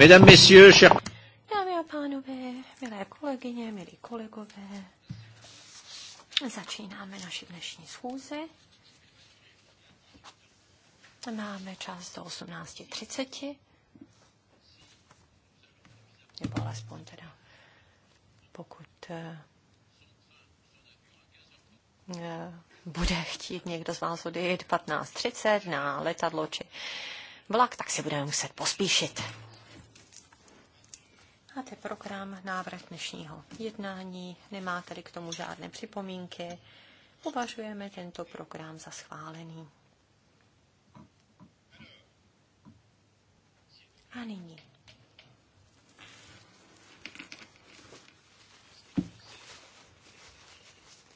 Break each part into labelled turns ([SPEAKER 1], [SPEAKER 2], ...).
[SPEAKER 1] Mesdames, Messieurs, chers...
[SPEAKER 2] Dámy a pánové, milé kolegyně, milí kolegové, začínáme naši dnešní schůzi. Máme čas do 18.30, nebo alespoň teda, pokud eh, eh, bude chtít někdo z vás odejít 15.30 na letadlo či vlak, tak si budeme muset pospíšit. Máte program návrh dnešního jednání, nemá k tomu žádné připomínky. Považujeme tento program za schválený. A nyní.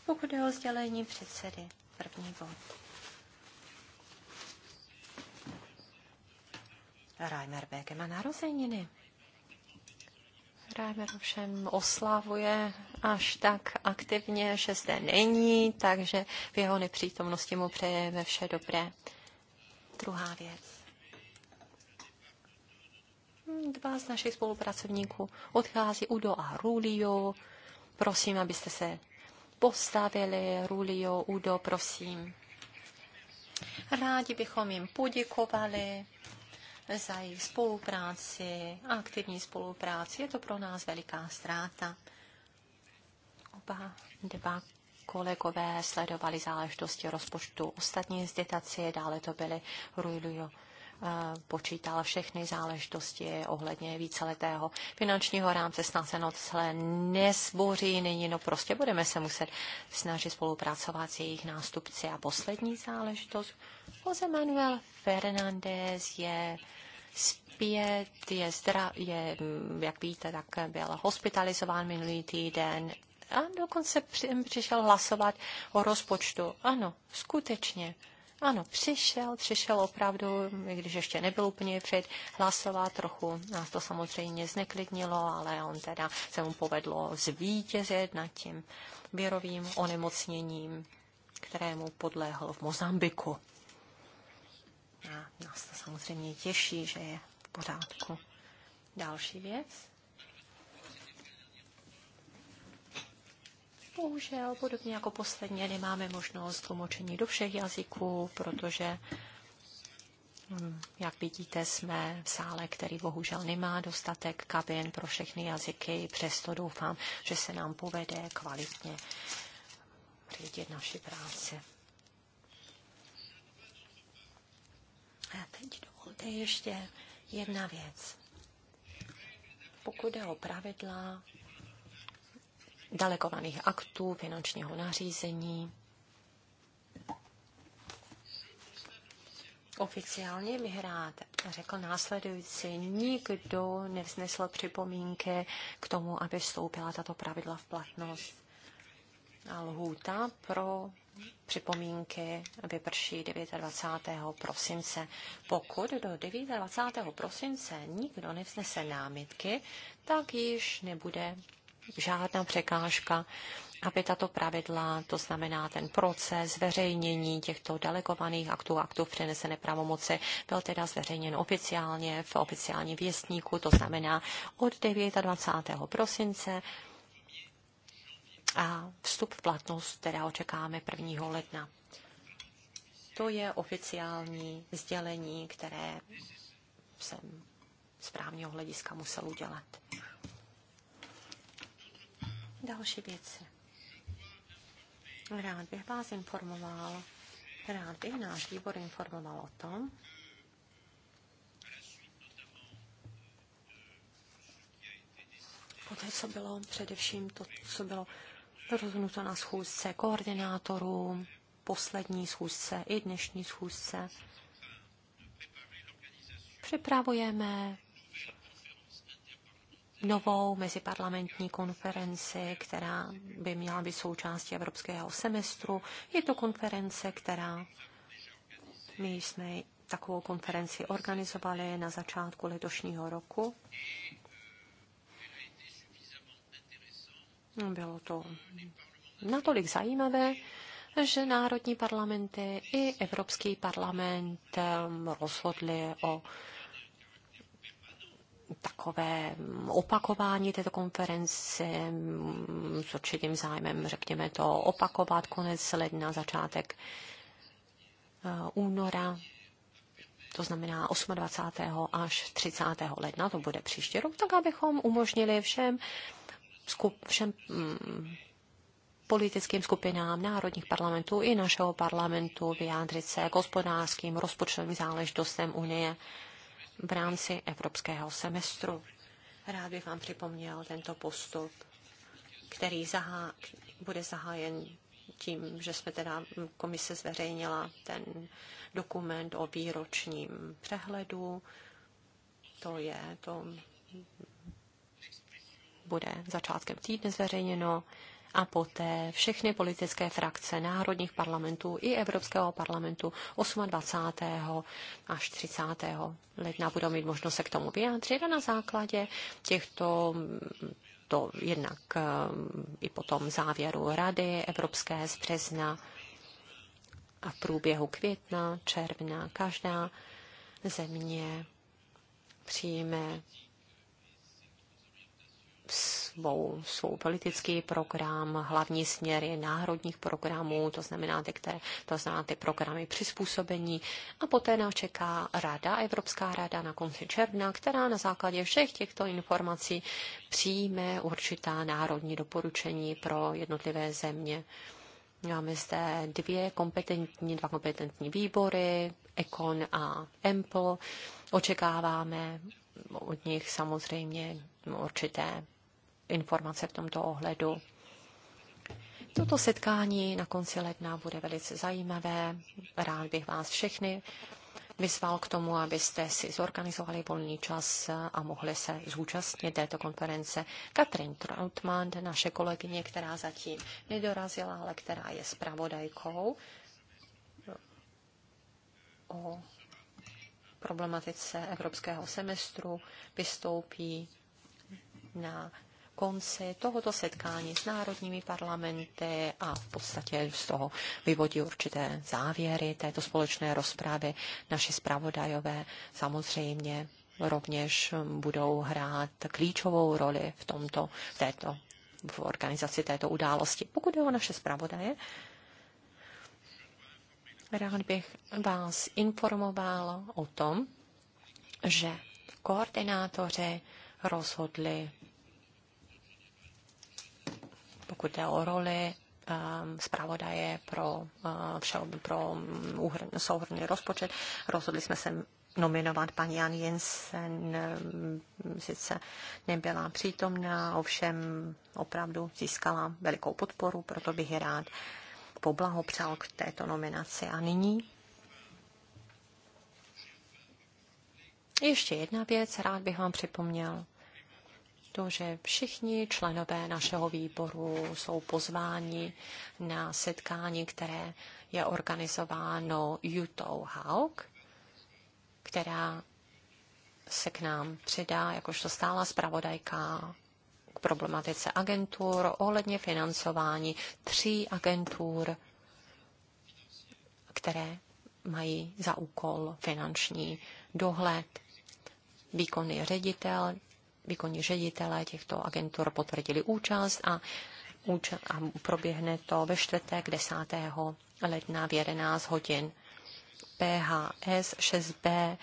[SPEAKER 2] Pokud je o sdělení předsedy, první bod. Reimer Bege má narozeniny. Reimer ovšem oslavuje až tak aktivně, že zde není, takže v jeho nepřítomnosti mu přejeme vše dobré. Druhá věc dva z našich spolupracovníků odchází, Udo a Rulio. Prosím, abyste se postavili. Rulio, Udo, prosím. Rádi bychom jim poděkovali za jejich spolupráci, aktivní spolupráci. Je to pro nás veliká ztráta. Oba dva kolegové sledovali záležitosti rozpočtu ostatní instituce, dále to byly Rujlujo Eh, počítal všechny záležitosti ohledně víceletého finančního rámce, snad se celé nezboří nyní, no prostě budeme se muset snažit spolupracovat s jejich nástupci. A poslední záležitost, Jose Manuel Fernández je zpět, je, zdra, je, mm, jak víte, tak byl hospitalizován minulý týden a dokonce přišel hlasovat o rozpočtu. Ano, skutečně ano, přišel, přišel opravdu, i když ještě nebyl úplně fit, hlasová trochu. Nás to samozřejmě zneklidnilo, ale on teda se mu povedlo zvítězit nad tím věrovým onemocněním, kterému podléhl v Mozambiku. A nás to samozřejmě těší, že je v pořádku. Další věc. Bohužel, podobně jako posledně, nemáme možnost tlumočení do všech jazyků, protože, mm, jak vidíte, jsme v sále, který bohužel nemá dostatek kabin pro všechny jazyky. Přesto doufám, že se nám povede kvalitně řídit naši práci. A teď dovolte ještě jedna věc. Pokud jde o pravidla delegovaných aktů, finančního nařízení. Oficiálně bych rád řekl následující. Nikdo nevznesl připomínky k tomu, aby vstoupila tato pravidla v platnost. A lhůta pro připomínky vyprší 29. prosince. Pokud do 29. prosince nikdo nevznese námitky, tak již nebude žádná překážka, aby tato pravidla, to znamená ten proces zveřejnění těchto delegovaných aktů, aktů v přenesené pravomoci, byl teda zveřejněn oficiálně v oficiálním věstníku, to znamená od 29. prosince a vstup v platnost teda očekáme 1. ledna. To je oficiální sdělení, které jsem z právního hlediska musel udělat. Další věci. Rád bych vás informoval, rád bych náš výbor informoval o tom, poté, co bylo především to, co bylo rozhodnuto na schůzce koordinátorů, poslední schůzce i dnešní schůzce. Připravujeme novou meziparlamentní konferenci, která by měla být součástí evropského semestru. Je to konference, která my jsme takovou konferenci organizovali na začátku letošního roku. Bylo to natolik zajímavé, že národní parlamenty i Evropský parlament um, rozhodli o takové opakování této konference s určitým zájmem, řekněme to, opakovat konec ledna, začátek eh, února, to znamená 28. až 30. ledna, to bude příští rok, tak abychom umožnili všem, skup, všem mm, politickým skupinám národních parlamentů i našeho parlamentu vyjádřit se k hospodářským rozpočtovým záležitostem Unie v rámci evropského semestru. Rád bych vám připomněl tento postup, který zahá, bude zahájen tím, že jsme teda komise zveřejnila ten dokument o výročním přehledu. To je, to bude začátkem týdne zveřejněno a poté všechny politické frakce národních parlamentů i Evropského parlamentu 28. až 30. ledna budou mít možnost se k tomu vyjádřit a na základě těchto to jednak eh, i potom závěru Rady Evropské z března a v průběhu května, června každá země přijme svou, svou politický program, hlavní směry národních programů, to znamená ty, které, to znamená ty programy přizpůsobení. A poté nás čeká Rada, Evropská rada na konci června, která na základě všech těchto informací přijme určitá národní doporučení pro jednotlivé země. Máme zde dvě kompetentní, dva kompetentní výbory, Econ a Empl. Očekáváme od nich samozřejmě určité informace v tomto ohledu. Toto setkání na konci ledna bude velice zajímavé. Rád bych vás všechny vyzval k tomu, abyste si zorganizovali volný čas a mohli se zúčastnit této konference. Katrin Trautmann, naše kolegyně, která zatím nedorazila, ale která je zpravodajkou o problematice evropského semestru, vystoupí na konci tohoto setkání s národními parlamenty a v podstatě z toho vyvodí určité závěry této společné rozpravy. Naši zpravodajové samozřejmě rovněž budou hrát klíčovou roli v tomto, v této, v organizaci této události. Pokud je o naše zpravodaje, rád bych vás informoval o tom, že koordinátoři rozhodli pokud jde o roli ehm, zpravodaje pro, eh, pro mm, souhrný rozpočet. Rozhodli jsme se nominovat paní Jan Jensen, ehm, sice nebyla přítomná, ovšem opravdu získala velikou podporu, proto bych ji rád poblahopřál k této nominaci. A nyní ještě jedna věc, rád bych vám připomněl to, že všichni členové našeho výboru jsou pozváni na setkání, které je organizováno Jutou Hauk, která se k nám přidá jakožto stála zpravodajka k problematice agentur ohledně financování tří agentur, které mají za úkol finanční dohled. Výkonný ředitel výkonní ředitelé těchto agentur potvrdili účast a, a proběhne to ve čtvrtek 10. ledna v 11 hodin. PHS 6B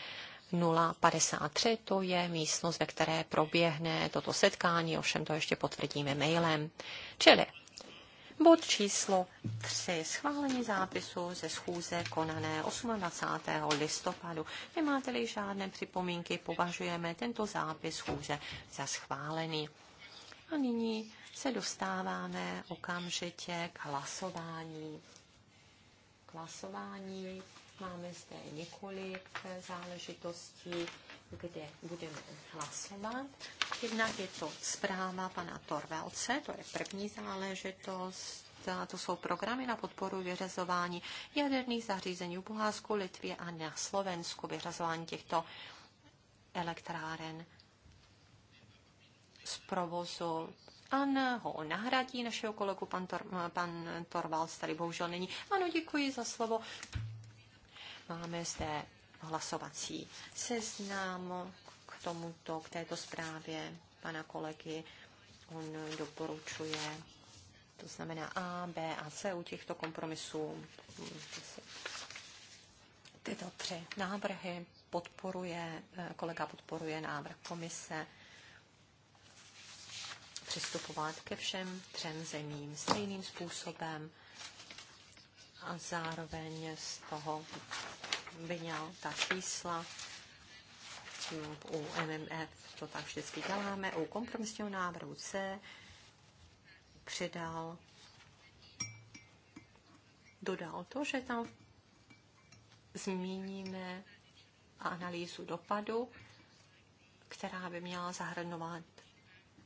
[SPEAKER 2] 053, to je místnost, ve které proběhne toto setkání, ovšem to ještě potvrdíme mailem. Čili Bod číslo 3. Schválení zápisu ze schůze konané 28. listopadu. Nemáte-li žádné připomínky, považujeme tento zápis schůze za schválený. A nyní se dostáváme okamžitě k hlasování. K hlasování máme zde několik záležitostí kde budeme hlasovat. Jednak je to zpráva pana Torvalce, to je první záležitost. To jsou programy na podporu vyřazování jaderných zařízení v Bulharsku, Litvě a na Slovensku. Vyřazování těchto elektráren z provozu An ho nahradí našeho kolegu, pan, Tor, pan Torvalds tady bohužel není. Ano, děkuji za slovo. Máme zde hlasovací seznam k tomuto, k této zprávě pana kolegy. On doporučuje, to znamená A, B a C u těchto kompromisů. Tyto tři návrhy podporuje, eh, kolega podporuje návrh komise přistupovat ke všem třem zemím stejným způsobem a zároveň z toho měl ta čísla u MMF, e to tak vždycky děláme, u kompromisního návrhu C přidal, dodal to, že tam zmíníme analýzu dopadu, která by měla zahrnovat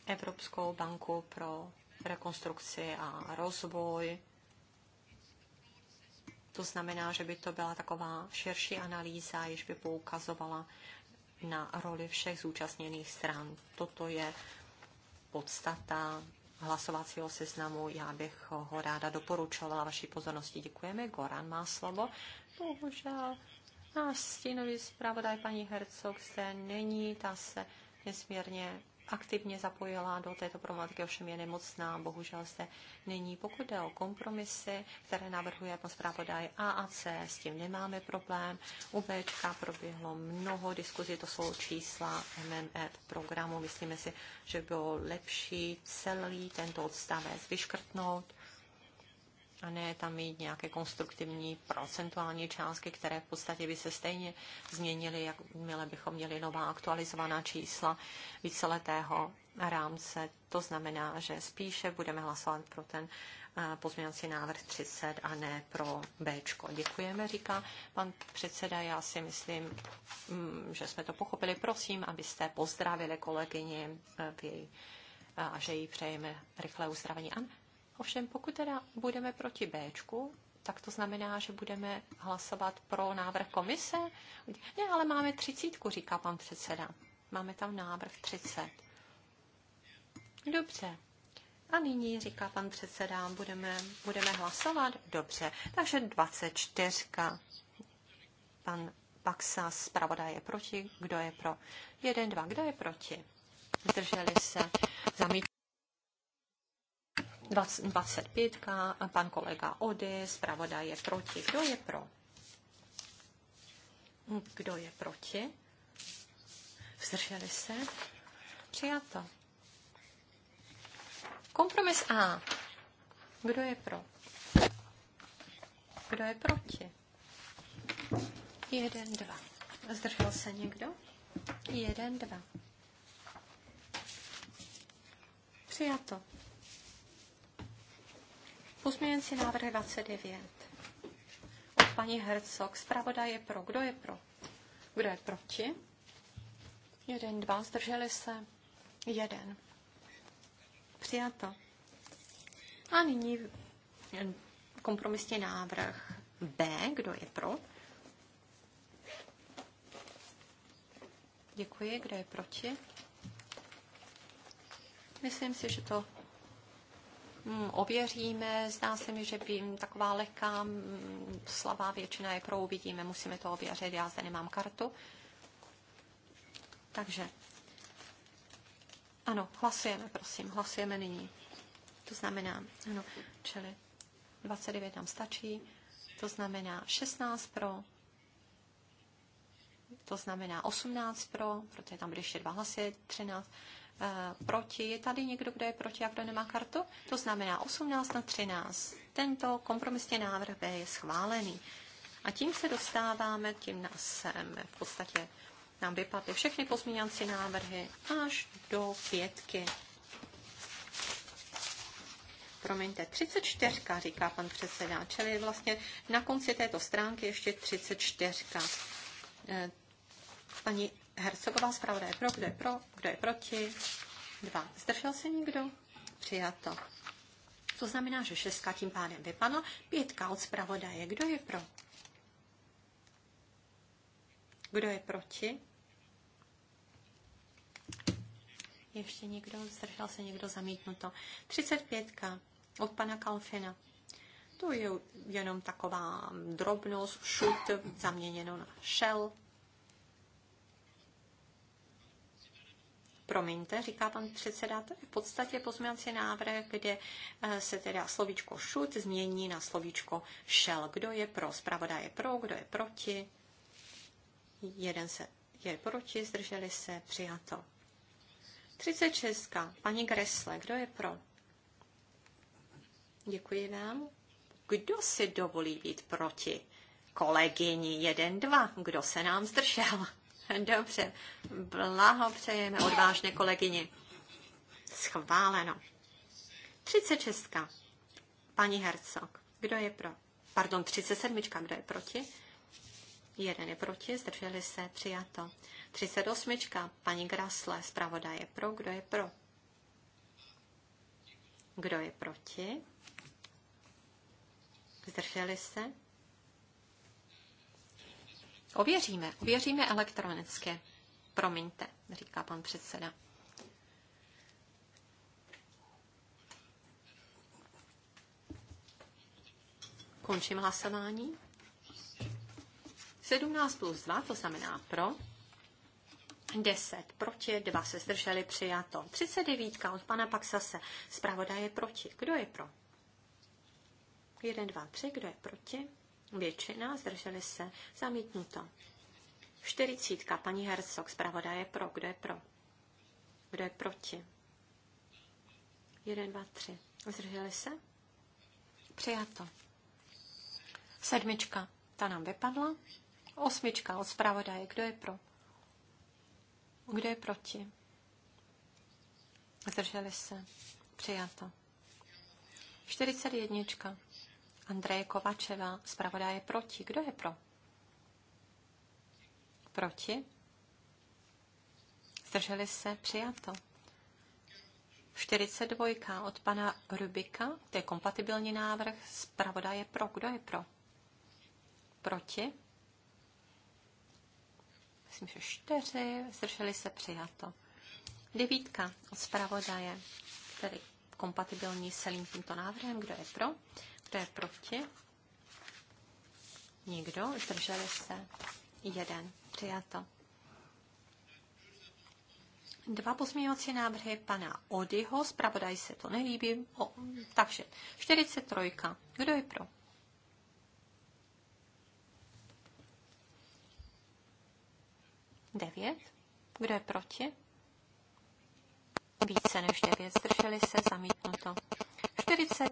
[SPEAKER 2] Evropskou banku pro rekonstrukci a rozvoj, to znamená, že by to byla taková širší analýza, jež by poukazovala na roli všech zúčastněných stran. Toto je podstata hlasovacího seznamu. Já bych ho ráda doporučovala vaší pozornosti. Děkujeme. Goran má slovo. Bohužel náš stínový zpravodaj paní Hercog zde není, ta se nesmírně aktivně zapojila do této problematiky, ovšem je nemocná, bohužel zde není. Pokud jde o kompromisy, které navrhuje pan zpravodaj A a C, s tím nemáme problém. U B proběhlo mnoho diskuzí, to jsou čísla MMF e programu. Myslíme si, že bylo lepší celý tento odstavec vyškrtnout a ne tam mít nějaké konstruktivní procentuální částky, které v podstatě by se stejně změnily, jakmile bychom měli nová aktualizovaná čísla víceletého rámce. To znamená, že spíše budeme hlasovat pro ten eh, pozměňovací návrh 30 a ne pro B. Děkujeme, říká pan předseda. Já si myslím, mm, že jsme to pochopili. Prosím, abyste pozdravili kolegyně eh, v její, eh, a že jí přejeme rychlé uzdravení. Ano. Ovšem, pokud teda budeme proti B, tak to znamená, že budeme hlasovat pro návrh komise? Ne, ale máme třicítku, říká pan předseda. Máme tam návrh 30. Dobře. A nyní, říká pan předseda, budeme, budeme hlasovat? Dobře. Takže 24. Pan Paxa zpravodaj je proti. Kdo je pro? Jeden, dva. Kdo je proti? Zdrželi se. Zamít. 25. Pan kolega Ody, zpravodaj je proti. Kdo je pro? Kdo je proti? Zdrželi se? Přijato. Kompromis A. Kdo je pro? Kdo je proti? Jeden, dva. Zdržel se někdo? Jeden, dva. Přijato. Pozměňující návrh 29. Od paní Hercog. Zpravodaj je pro. Kdo je pro? Kdo je proti? Jeden, dva. Zdrželi se? Jeden. Přijato. A nyní kompromisní návrh B. Kdo je pro? Děkuji. Kdo je proti? Myslím si, že to Mm, ověříme. Zdá se mi, že by taková lehká mm, slabá většina je pro uvidíme. Musíme to ověřit. Já zde nemám kartu. Takže ano, hlasujeme, prosím, hlasujeme nyní. To znamená, ano, čili 29 nám stačí, to znamená 16 pro, to znamená 18 pro, protože tam byly ještě dva hlasy, 13 Eh, proti, je tady někdo, kdo je proti a kdo nemá kartu? To znamená 18 na 13. Tento kompromisní návrh B je schválený. A tím se dostáváme, tím nás sem v podstatě nám vypadly všechny pozměňovací návrhy až do pětky. Promiňte, 34, říká pan předseda, čili vlastně na konci této stránky ještě 34. Eh, paní Hercegová zpravodaj pro, kdo je pro, kdo je proti, dva. Zdržel se někdo? Přijato. To znamená, že šestka tím pádem vypadla, pětka od zpravodaje. Kdo je pro? Kdo je proti? Ještě někdo? Zdržel se někdo zamítnuto. 35. od pana Kalfina. To je jenom taková drobnost, šut zaměněno na šel. promiňte, říká pan předseda, to je v podstatě pozměňovací návrh, kde eh, se teda slovíčko šut změní na slovíčko šel. Kdo je pro? Zpravodaj je pro, kdo je proti? Jeden se je proti, zdrželi se, přijato. 36. Paní Gresle, kdo je pro? Děkuji vám. Kdo si dovolí být proti? Kolegyni 1, 2. Kdo se nám zdržel? Dobře, blahopřejeme odvážné kolegyni. Schváleno. 36. Paní Hercog, kdo je pro? Pardon, 37. Kdo je proti? Jeden je proti, zdrželi se, přijato. 38. Paní Grasle, zpravoda je pro, kdo je pro? Kdo je proti? Zdrželi se? Ověříme, ověříme elektronicky. Promiňte, říká pan předseda. Končím hlasování. 17 plus 2, to znamená pro. 10 proti, 2 se zdrželi, přijato. 39 od pana Paxase, zpravodaj je proti. Kdo je pro? 1, 2, 3, kdo je proti? Většina zdrželi se. Zamítnuto. 40. Paní Herzog, zpravodaj je pro. Kdo je pro? Kdo je proti? 1, 2, 3. Zdrželi se? Přijato. Sedmička, ta nám vypadla. Osmička od zpravodaje, kdo je pro? Kdo je proti? Zdrželi se. Přijato. 41. Andreje Kovačeva. Zpravodaj je proti. Kdo je pro? Proti? Zdrželi se? Přijato. 42 od pana Rubika, to je kompatibilní návrh, zpravoda je pro. Kdo je pro? Proti? Myslím, že 4, zdrželi se přijato. Devítka od zpravodaje, tedy kompatibilní s celým tímto návrhem, kdo je pro? Kdo je proti? Nikdo. Zdrželi se? Jeden. Přijato. Dva pozměňovací návrhy pana Odyho, zpravodaj se to nelíbí, o, takže 43. Kdo je pro? Devět. Kdo je proti? Více než devět. Zdrželi se, zamítnuto. 44.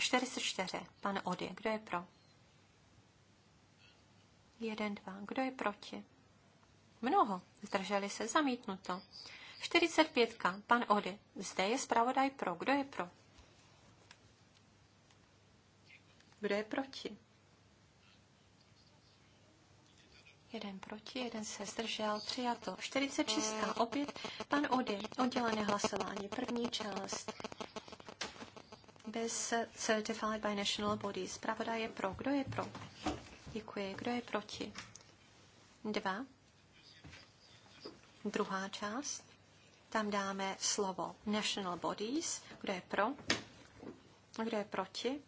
[SPEAKER 2] 44. Pan Ody. Kdo je pro? 1, 2. Kdo je proti? Mnoho. Zdrželi se. Zamítnuto. 45. Pan Ody. Zde je zpravodaj pro. Kdo je pro? Kdo je proti? Jeden proti, jeden se zdržel, přijato. 46. Opět pan Ody, oddělené hlasování, první část bez certified by national bodies. Pravda je pro. Kdo je pro? Děkuji. Kdo je proti? Dva. Druhá část. Tam dáme slovo national bodies. Kdo je pro? Kdo je proti?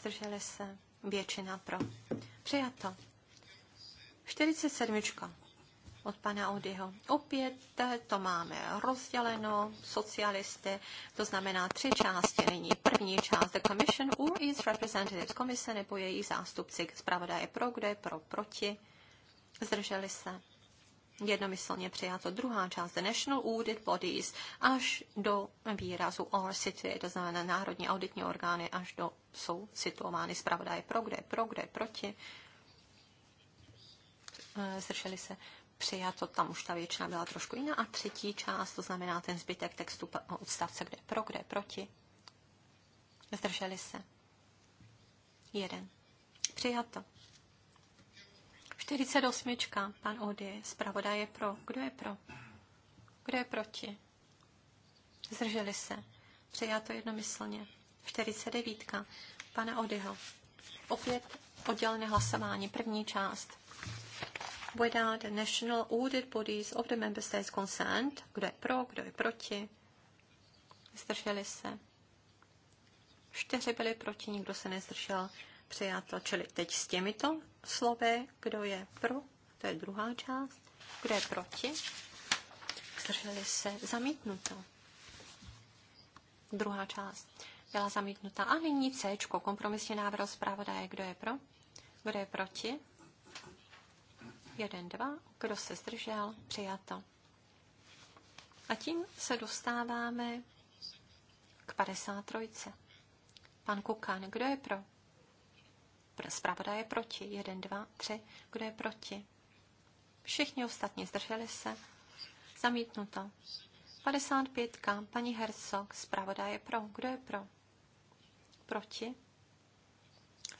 [SPEAKER 2] Zdrželi se většina pro. Přijato. 47 od pana Odyho. Opět to máme rozděleno, socialisty, to znamená tři části nyní. První část The Commission or its representatives komise nebo její zástupci. zpravodaje pro, kdo je pro, proti. Zdrželi se. Jednomyslně přijato druhá část The National Audit Bodies až do výrazu or situé, to znamená národní auditní orgány až do jsou situovány zpravodaje pro, kde pro, kde proti eh, zdrželi se přijato, tam už ta většina byla trošku jiná. A třetí část, to znamená ten zbytek textu odstavce, kde je pro, kde je proti. Zdrželi se. Jeden. Přijato. 48. Pan Ody, zpravodaj je pro. Kdo je pro? Kdo je proti? Zdrželi se. Přijato jednomyslně. 49. Pana Odyho. Opět oddělené hlasování. První část without the national audit bodies of the member states concerned, kdo je pro, kdo je proti, zdrželi se. Čtyři byli proti, nikdo se nezdržel, přijato. Čili teď s těmito slovy, kdo je pro, to je druhá část, kdo je proti, zdrželi se, zamítnuto. Druhá část byla zamítnuta. A nyní C, kompromisní návrh zpravodaje, kdo je pro, kdo je proti, 1, 2, kdo se zdržel, přijato. A tím se dostáváme k 53. Pan Kukan, kdo je pro? Zpravoda je proti. 1, 2, 3, kdo je proti? Všichni ostatní zdrželi se. Zamítnuto. 55. Paní Herzog, zpravoda je pro. Kdo je pro? Proti?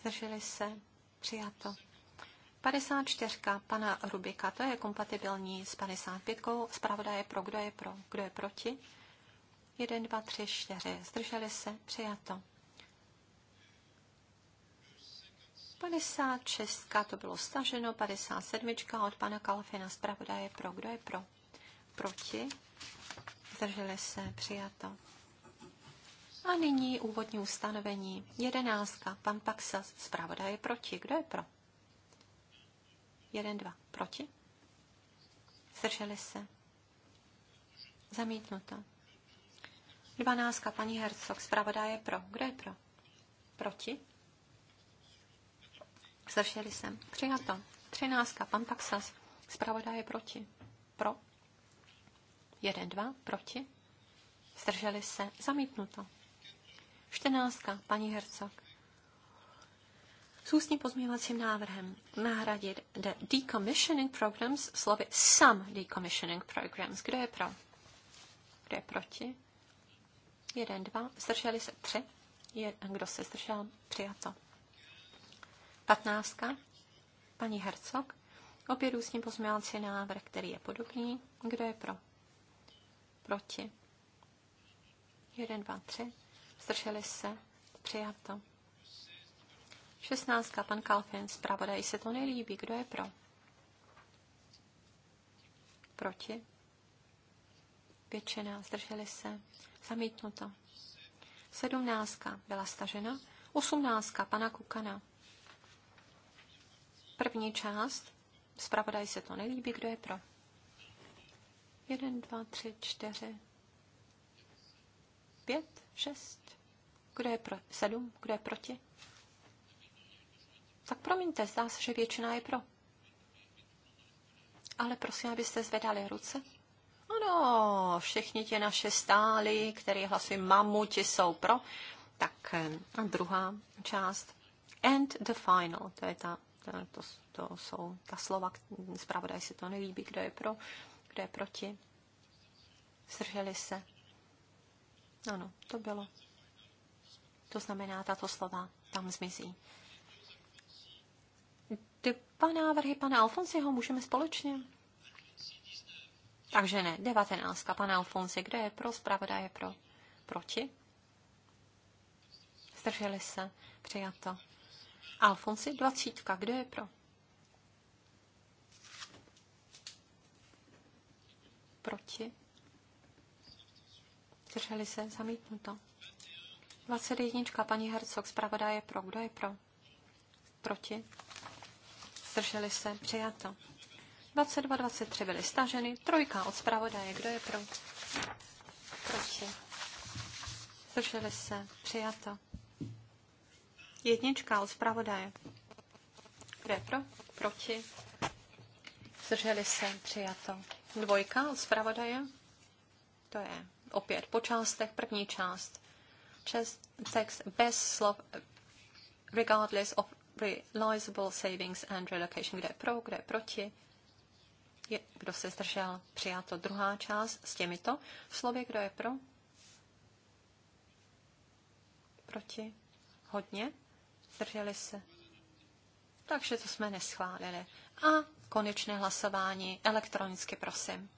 [SPEAKER 2] Zdrželi se. Přijato. 54. pana Rubika, to je kompatibilní s 55. Zpravda je pro, kdo je pro, kdo je proti. 1, 2, 3, 4. Zdrželi se, přijato. 56. to bylo staženo, 57. od pana Kalfina, zpravda je pro, kdo je pro, proti. Zdrželi se, přijato. A nyní úvodní ustanovení. 11. Pan Paxas, zpravda je proti, kdo je pro. Jeden, dva. Proti? Zdrželi se. Zamítnuto. Dvanáctka, paní Hercog, zpravodá je pro. Kdo je pro? Proti? Zdrželi se. Přijato. Třináctka, pan Paxas, zpravodá je proti. Pro? Jeden, dva. Proti? Zdrželi se. Zamítnuto. Čtrnáctka, paní Hercog, s ústním pozměňovacím návrhem nahradit the decommissioning programs slovy some decommissioning programs. Kdo je pro? Kdo je proti? Jeden, dva. Zdrželi se tři. Jeden, kdo se zdržel? Přijato. Patnáctka. Paní Hercog. Opět ústní pozměňovací návrh, který je podobný. Kdo je pro? Proti. Jeden, dva, tři. Zdrželi se. Přijato. 16. Pan Kalfin, zpravodaj se to nelíbí. Kdo je pro? Proti? Většina. Zdrželi se. Zamítnuto. 17. Byla stažena. 18. Pana Kukana. První část. Zpravodaj se to nelíbí. Kdo je pro? 1, 2, 3, 4, 5, 6. Kdo je pro? 7. Kdo je proti? tak promiňte, zdá se, že většina je pro. Ale prosím, abyste zvedali ruce. Ano, všichni ti naše stály, které hlasují ti jsou pro. Tak eh, a druhá část. And the final, to je ta, to, to jsou ta slova, zpravodaj si to nelíbí, kdo je pro, kdo je proti. Zdrželi se. Ano, to bylo. To znamená, tato slova tam zmizí ty dva návrhy pana Alfonsiho můžeme společně? Takže ne, devatenáctka, Pana Alfonsi, kdo je pro, zpravda je pro. Proti? Zdrželi se, přijato. Alfonsi, dvacítka, kdo je pro? Proti? Zdrželi se, zamítnuto. 21. Paní Hercog, zpravodaj je pro. Kdo je pro? Proti? zdrželi se, přijato. 22, 23 byly staženy, trojka od zpravodaje, kdo je pro? Proti. Zdrželi se, přijato. Jednička od zpravodaje. Kdo je pro? Proti. Zdrželi se, přijato. Dvojka od zpravodaje. To je opět po částech. První část. Čes, text bez slov regardless of Realizable Savings and Relocation, kdo je pro, kdo je proti, je, kdo se zdržel, přijato druhá část s těmito slovy, kdo je pro, proti, hodně, zdrželi se. Takže to jsme neschválili. A konečné hlasování elektronicky, prosím.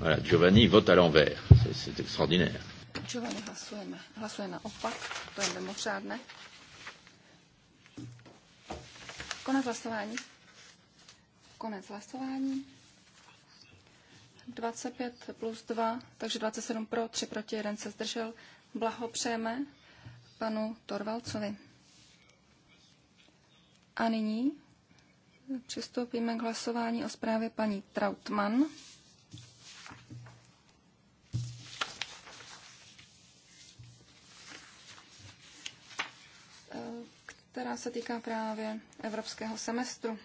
[SPEAKER 1] Voilà, Giovanni vote à l'envers. C'est extraordinaire
[SPEAKER 3] vylučovali hlasujeme. Hlasuje naopak, to je mimořádné. Konec hlasování. Konec hlasování. 25 plus 2, takže 27 pro, 3 proti, 1 se zdržel. Blahopřejeme panu Torvalcovi. A nyní přistoupíme k hlasování o zprávě paní Trautmann. která se týká právě evropského semestru.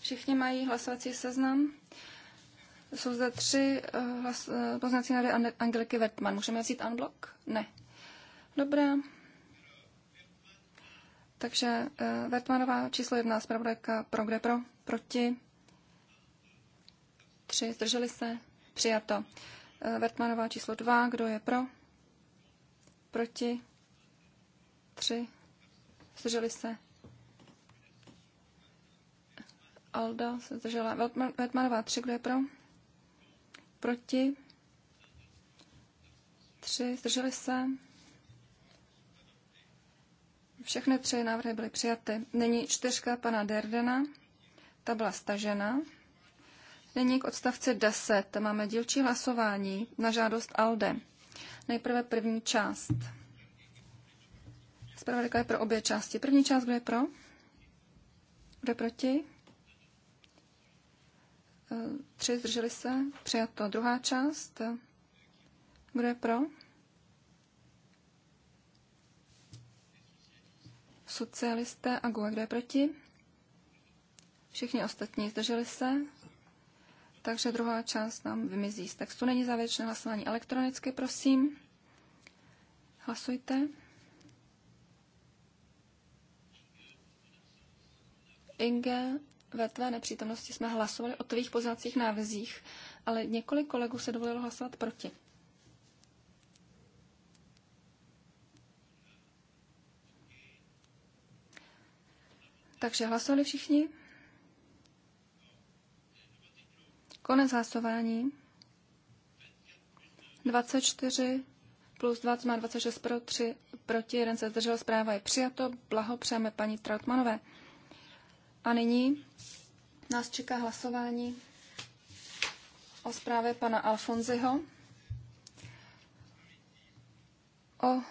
[SPEAKER 3] Všichni mají hlasovací seznam. Jsou zde tři eh, hlas, eh, poznací návrhy Angeliky Wertmann. Můžeme vzít unblock? Ne. Dobrá. Takže uh, Wertmannová číslo jedna, zpravodajka pro kde pro, proti. Tři, zdrželi se, přijato. Uh, Wertmannová číslo dva, kdo je pro, proti. Tři, zdrželi se. Alda se zdržela. Vetmanová tři, kdo je pro? Proti. tři zdrželi se. Všechny tři návrhy byly přijaty. Nyní čtyřka pana Derdena, ta byla stažena. Nyní k odstavci 10 máme dílčí hlasování na žádost ALDE. Nejprve první část. Zpravodajka je pro obě části. První část, kdo je pro? Kdo je proti? E, tři zdrželi se. Přijato. Druhá část. Kdo je pro? Socialisté a GUE, kdo je proti? Všichni ostatní zdrželi se. Takže druhá část nám vymizí z textu. Není závěrečné hlasování elektronicky, prosím. Hlasujte. Inge, ve tvé nepřítomnosti jsme hlasovali o tvých poznacích návrzích, ale několik kolegů se dovolilo hlasovat proti. Takže hlasovali všichni? Konec hlasování. 24 plus 20 má 26 pro 3, proti 1 se zdržel, zpráva je přijato. Blahopřejeme paní Trautmanové. A nyní nás čeká hlasování o zprávě pana Alfonziho o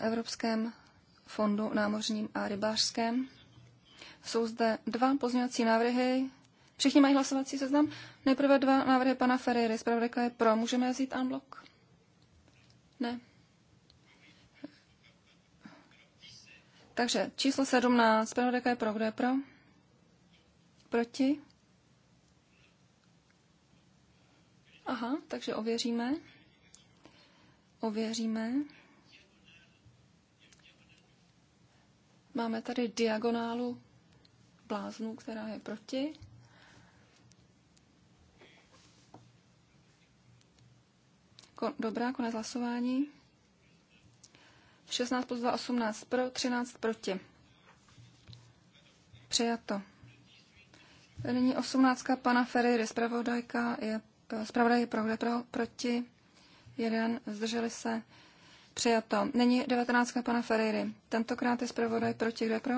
[SPEAKER 3] Evropském fondu námořním a rybářském. Jsou zde dva pozměňovací návrhy. Všichni mají hlasovací seznam. Nejprve dva návrhy pana Ferreira. Zpravodajka je pro. Můžeme vzít unblock? Ne. Takže číslo 17, zpravodajka je pro, kdo je pro? Proti? Aha, takže ověříme. Ověříme. Máme tady diagonálu bláznu, která je proti. dobrá, konec hlasování. 16 plus 2, 18 pro, 13 proti. Přijato. Nyní 18. pana Ferry, zpravodajka je, zpravodaj pro, pro, proti, Jeden, zdrželi se, přijato. Nyní 19. pana Ferry, tentokrát je zpravodaj proti, kdo pro?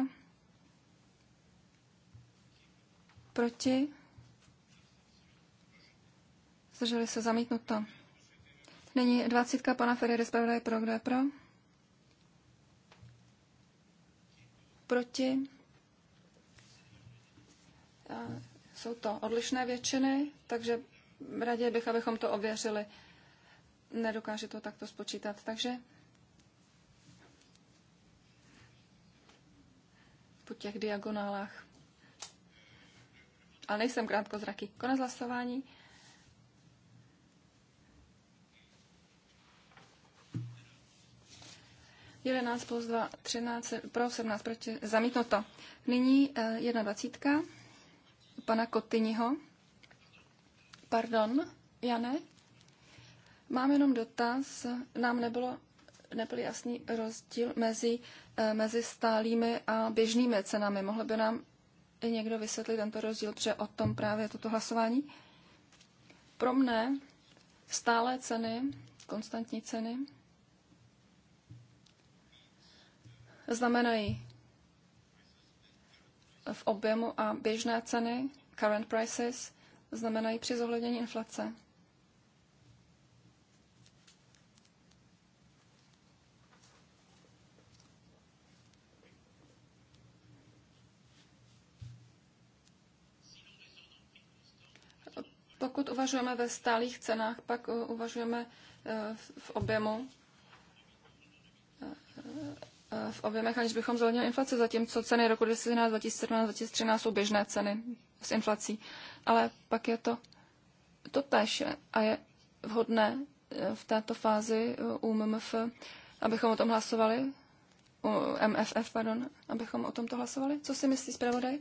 [SPEAKER 3] Proti, zdrželi se, zamítnuto. Nyní 20. pana Ferry, zpravodaj pro, kdo pro? proti. Eh, jsou to odlišné většiny, takže raději bych, abychom to ověřili. Nedokáže to takto spočítat. Takže po těch diagonálách. Ale nejsem krátkozraký. Konec hlasování. 11 plus 2, 13, pro 17 proti, zamítnuto. Nyní 21. Eh, pana Kotyního. Pardon, Jane. Mám jenom dotaz. Nám nebylo, nebyl jasný rozdíl mezi, eh, mezi stálými a běžnými cenami. Mohl by nám někdo vysvětlit tento rozdíl, protože o tom právě toto hlasování? Pro mne stálé ceny, konstantní ceny, znamenají v objemu a běžné ceny, current prices, znamenají při zohlednění inflace. Pokud uvažujeme ve stálých cenách, pak eh, uvažujeme eh, v objemu eh, v objemech, aniž bychom zohlednili inflaci, zatímco ceny roku 2017, 2017, 2013 jsou běžné ceny s inflací. Ale pak je to to tež a je vhodné eh, v této fázi eh, u MMF, abychom o tom hlasovali, u MFF, pardon, abychom o tomto hlasovali. Co si myslí zpravodaj?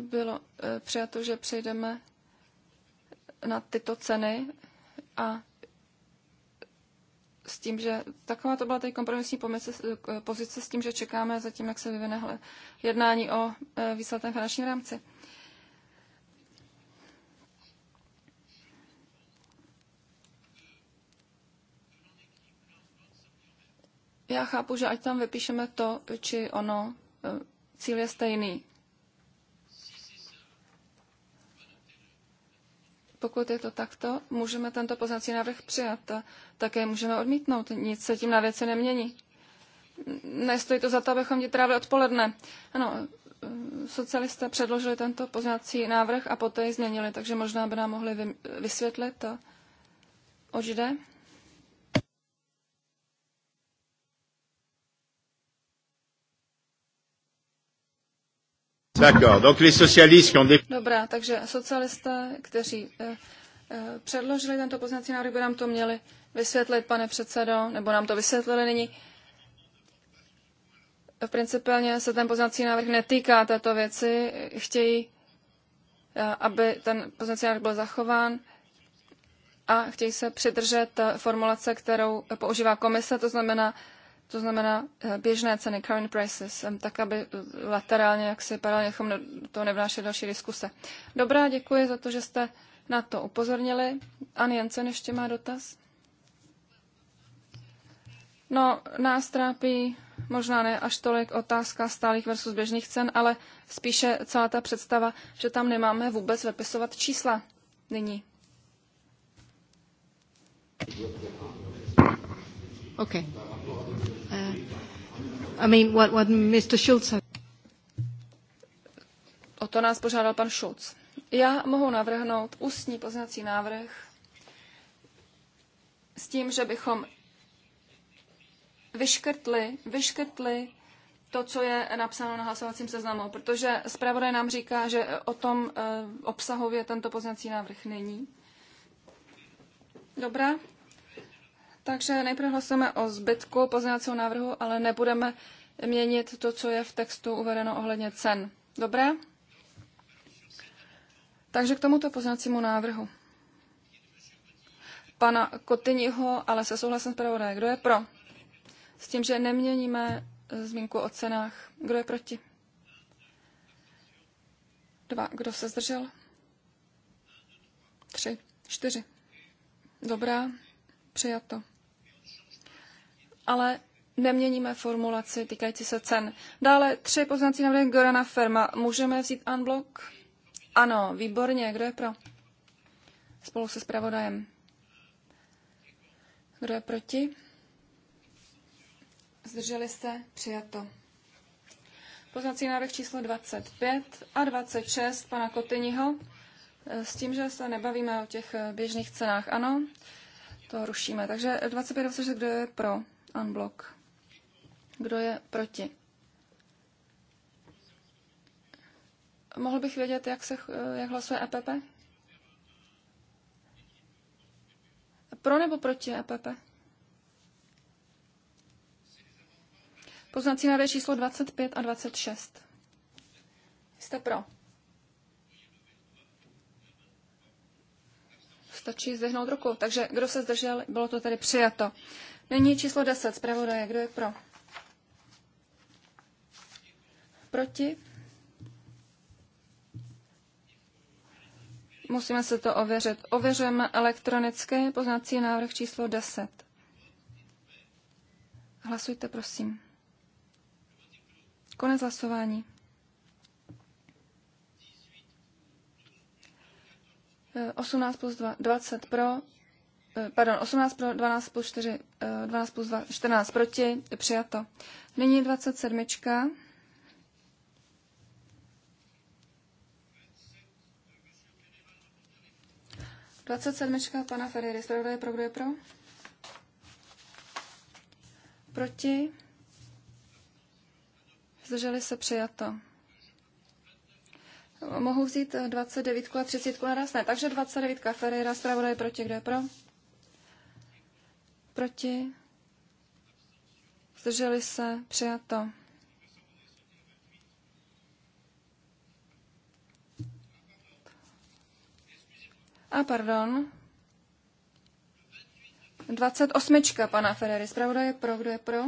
[SPEAKER 3] bylo eh, přijato, že přejdeme na tyto ceny a s tím, že taková to byla tady kompromisní pomice, eh, pozice s tím, že čekáme zatím, jak se vyvine jednání o eh, výsledném finančním rámci. Já chápu, že ať tam vypíšeme to, či ono, cíl je stejný. Pokud je to takto, můžeme tento poznací návrh přijat a také můžeme odmítnout. Nic se tím na věci nemění. Nestojí to za to, abychom ti trávili odpoledne. Ano, socialisté předložili tento poznací návrh a poté ji změnili, takže možná by nám mohli vysvětlit, oč jde. Dobrá, takže socialisté, kteří eh, eh, předložili tento poznací návrh, by nám to měli vysvětlit, pane předsedo, nebo nám to vysvětlili nyní. V principálně se ten poznací návrh netýká této věci. Chtějí, eh, aby ten poznací návrh byl zachován a chtějí se přidržet formulace, kterou používá komise, to znamená to znamená eh, běžné ceny, current prices, eh, tak aby eh, laterálně, jak si paralelně to nevnášeli další diskuse. Dobrá, děkuji za to, že jste na to upozornili. An Jensen ještě má dotaz? No, nás trápí možná ne až tolik otázka stálých versus běžných cen, ale spíše celá ta představa, že tam nemáme vůbec vypisovat čísla nyní.
[SPEAKER 2] Okay. I mean, what, what Mr. Schulz... O
[SPEAKER 3] to nás požádal pan Schulz. Já mohu navrhnout ústní poznací návrh s tím, že bychom vyškrtli, vyškrtli to, co je napsáno na hlasovacím seznamu, protože zpravodaj nám říká, že o tom eh, obsahově tento poznací návrh není. Dobrá, takže nejprve hlasujeme o zbytku pozměňovacího návrhu, ale nebudeme měnit to, co je v textu uvedeno ohledně cen. Dobré? Takže k tomuto pozměňovacímu návrhu. Pana Kotyního, ale se souhlasem s Kdo je pro? S tím, že neměníme zmínku o cenách. Kdo je proti? Dva. Kdo se zdržel? Tři. Čtyři. Dobrá. Přijato ale neměníme formulaci týkající se cen. Dále tři poznací návrhy Gorana Ferma. Můžeme vzít unblock? Ano, výborně. Kdo je pro? Spolu se zpravodajem. Kdo je proti? Zdrželi se? Přijato. Poznací návrh číslo 25 a 26 pana Kotyního. S tím, že se nebavíme o těch běžných cenách, ano, to rušíme. Takže 25, 26, kdo je pro? unblock. Kdo je proti? Mohl bych vědět, jak, se, eh, jak hlasuje EPP? Pro nebo proti EPP? Poznací návrh číslo 25 a 26. Jste pro. Stačí zdehnout ruku. Takže kdo se zdržel, bylo to tedy přijato. Nyní číslo 10, zpravodaje, kdo je pro? Proti? Musíme se to ověřit. Ověřujeme elektronické poznací návrh číslo 10. Hlasujte, prosím. Konec hlasování. Osmnáct plus dva, dvacet pro, pardon, 18 pro 12 plus 4, 12 eh, plus 2, 14 proti, přijato. Nyní 27. Dvacet sedmička pana Ferrery, zpravodaj pro, kdo je pro? Proti? Zdrželi se přijato. Mohu vzít 29 a 30 naraz? Ne, takže 29 Ferreira, zpravodaj proti, kdo je pro? Proti? Zdrželi se? Přijato. A pardon. 28. pana Ferrari, zpravda je pro. Kdo je pro?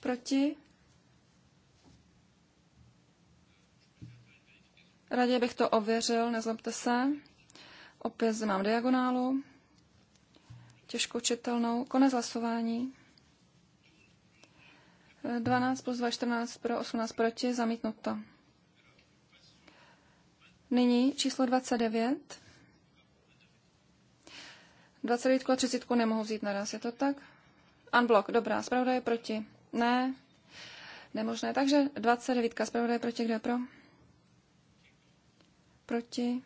[SPEAKER 3] Proti? Raději bych to ověřil, nezlobte se. Opět mám diagonálu těžko čitelnou. Konec hlasování. 12 plus 2, 14 pro, 18 proti, zamítnuto. Nyní číslo 29. 29 a 30 nemohu vzít naraz, je to tak? Unblock, dobrá, zpravda je proti. Ne, nemožné. Takže 29, zpravda je proti, kde pro? Proti.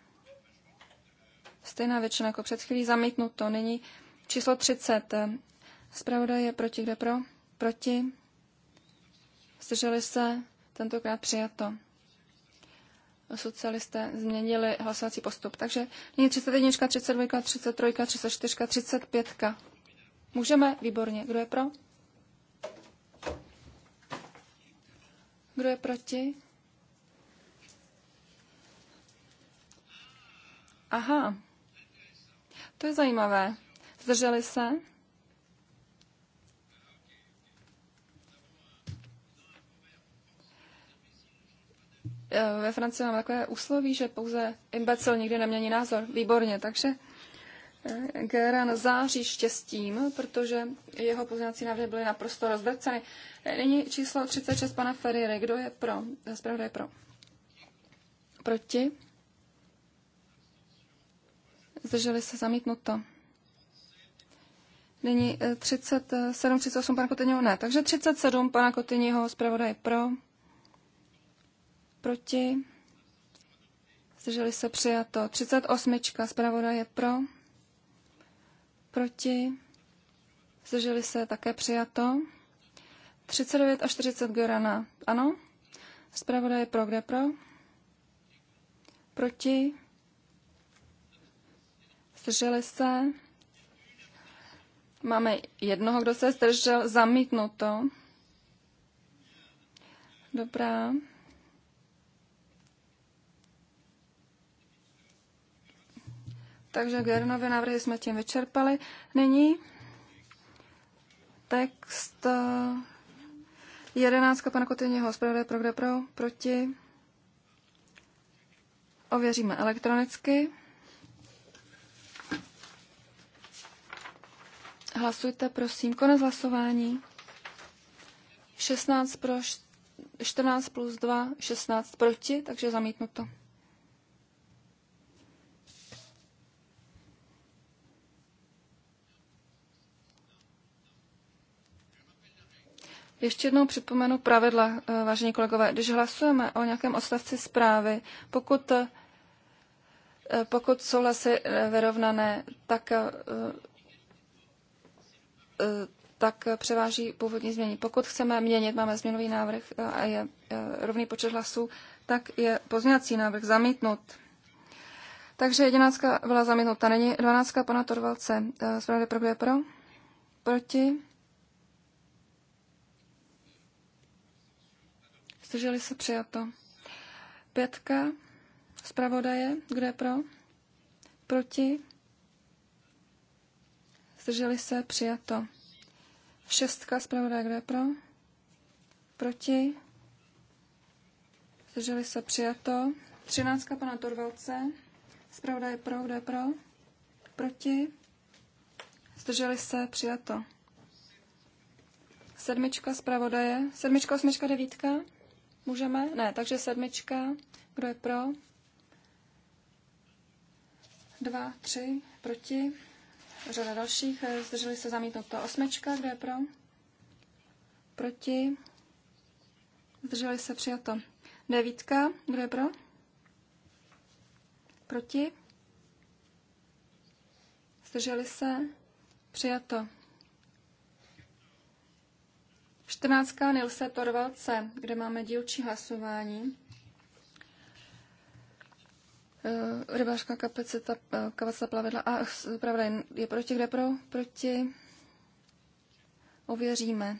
[SPEAKER 3] Stejná většina jako před chvílí, zamítnuto. Nyní Číslo 30. Zpravodaj je proti, kde pro? Proti. Zdrželi se, tentokrát přijato. Socialisté změnili hlasovací postup. Takže nyní 31, 32, 33, 34, 35. Můžeme? Výborně. Kdo je pro? Kdo je proti? Aha, to je zajímavé. Zdrželi se? E, ve Francii máme takové úsloví, že pouze imbecil nikdy nemění názor. Výborně, takže e, Geran září štěstím, protože jeho pozměňovací návrhy byly naprosto rozdrceny. E, nyní číslo 36 pana Ferry. Kdo je pro? je pro. Proti? Zdrželi se zamítnuto. Nyní 37, 38 pana Kotyního ne. Takže 37 pana Kotyního zpravodaj pro. Proti. Zdrželi se přijato. 38 zpravodaj je pro. Proti. Zdrželi se také přijato. 39 a 40 Gorana. Ano. Zpravodaj je pro. Kde pro? Proti. Zdrželi se. Máme jednoho, kdo se zdržel, zamítnuto. Dobrá. Takže Gernovy návrhy jsme tím vyčerpali. Nyní text 11. Eh, pana Kotyního zpravodaje pro kde pro, proti. Ověříme elektronicky. Hlasujte, prosím. Konec hlasování. 16 pro, 14 plus 2, 16 proti, takže zamítnuto. Ještě jednou připomenu pravidla, eh, vážení kolegové. Když hlasujeme o nějakém odstavci zprávy, pokud, eh, pokud souhlasy eh, vyrovnané, tak E, tak převáží původní změny. Pokud chceme měnit, máme změnový návrh e, a je e, rovný počet hlasů, tak je pozměňovací návrh zamítnut. Takže jedenáctka byla zamítnuta. Není dvanáctka pana Torvalce. Zprávě pro je pro? Proti? Zdrželi se přijato. Pětka. Zpravodaje. Kdo je pro? Proti? Zdrželi se? Přijato. Šestka zpravodaj, kdo je pro? Proti? Zdrželi se? Přijato. Třináctka pana Torvalce. je pro, kdo je pro? Proti? Zdrželi se? Přijato. Sedmička zpravodaje. Sedmička, osmička, devítka. Můžeme? Ne, takže sedmička. Kdo je pro? Dva, tři, proti řada dalších. Eh, zdrželi se to osmečka, kde je pro? Proti. Zdrželi se přijato. Devítka, kdo je pro? Proti. Zdrželi se přijato. Čtrnáctka Nilse Torvalce, kde máme dílčí hlasování. Eh, rybářská kapacita, eh, kapacita plavidla a pravda je proti, kde pro? Proti. Ověříme.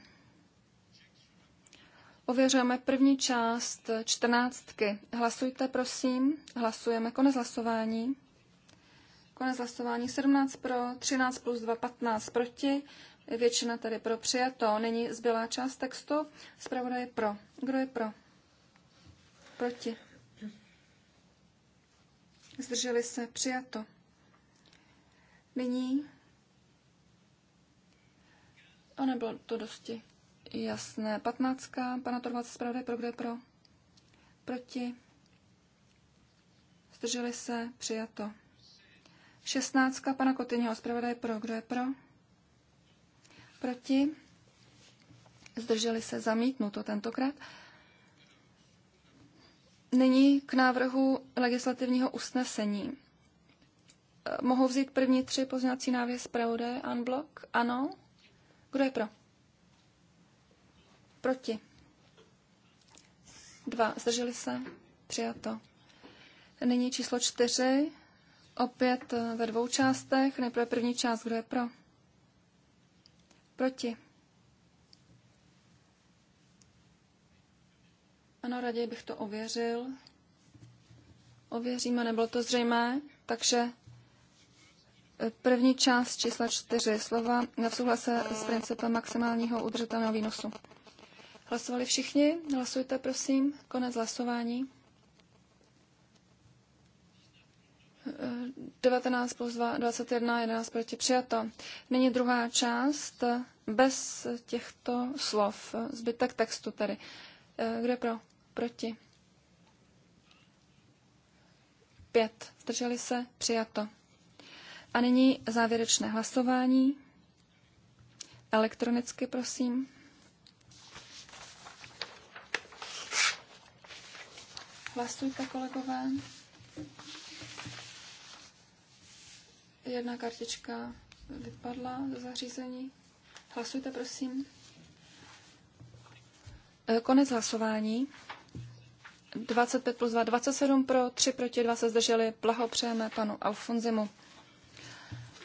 [SPEAKER 3] Ověřujeme první část eh, čtrnáctky. Hlasujte, prosím. Hlasujeme. Konec hlasování. Konec hlasování 17 pro, 13 plus 2, 15 proti. Většina tady pro přijato. Není zbylá část textu. Zpravodaj je pro. Kdo je pro? Proti zdrželi se, přijato. Nyní, a nebylo to dosti jasné, patnáctka, pana Torvalce zpravodaj pro, kde pro, proti, zdrželi se, přijato. Šestnáctka, pana Kotyního zpravodaj pro, kdo je pro, proti, zdrželi se, zamítnuto tentokrát. Nyní k návrhu legislativního usnesení. Eh, Mohu vzít první tři pozměňovací návrhy zpravodaje unblock? Ano. Kdo je pro? Proti. Dva. Zdrželi se? Přijato. Nyní číslo čtyři. Opět eh, ve dvou částech. Nejprve první část. Kdo je pro? Proti. Ano, raději bych to ověřil. Ověříme, nebylo to zřejmé, takže e, první část čísla čtyři slova v souhlase s principem maximálního udržitelného výnosu. Hlasovali všichni? Hlasujte, prosím. Konec hlasování. 19 e, plus 2, 21, 11 proti přijato. Nyní druhá část e, bez těchto slov, zbytek textu tedy. Kde pro? proti, pět zdrželi se, přijato. A nyní závěrečné hlasování. Elektronicky, prosím. Hlasujte, kolegové. Jedna kartička vypadla ze zařízení. Hlasujte, prosím. E, konec hlasování. 25 plus 2, 27 pro, 3 proti, 2 se zdrželi. Blahopřejeme panu Alfonzimu.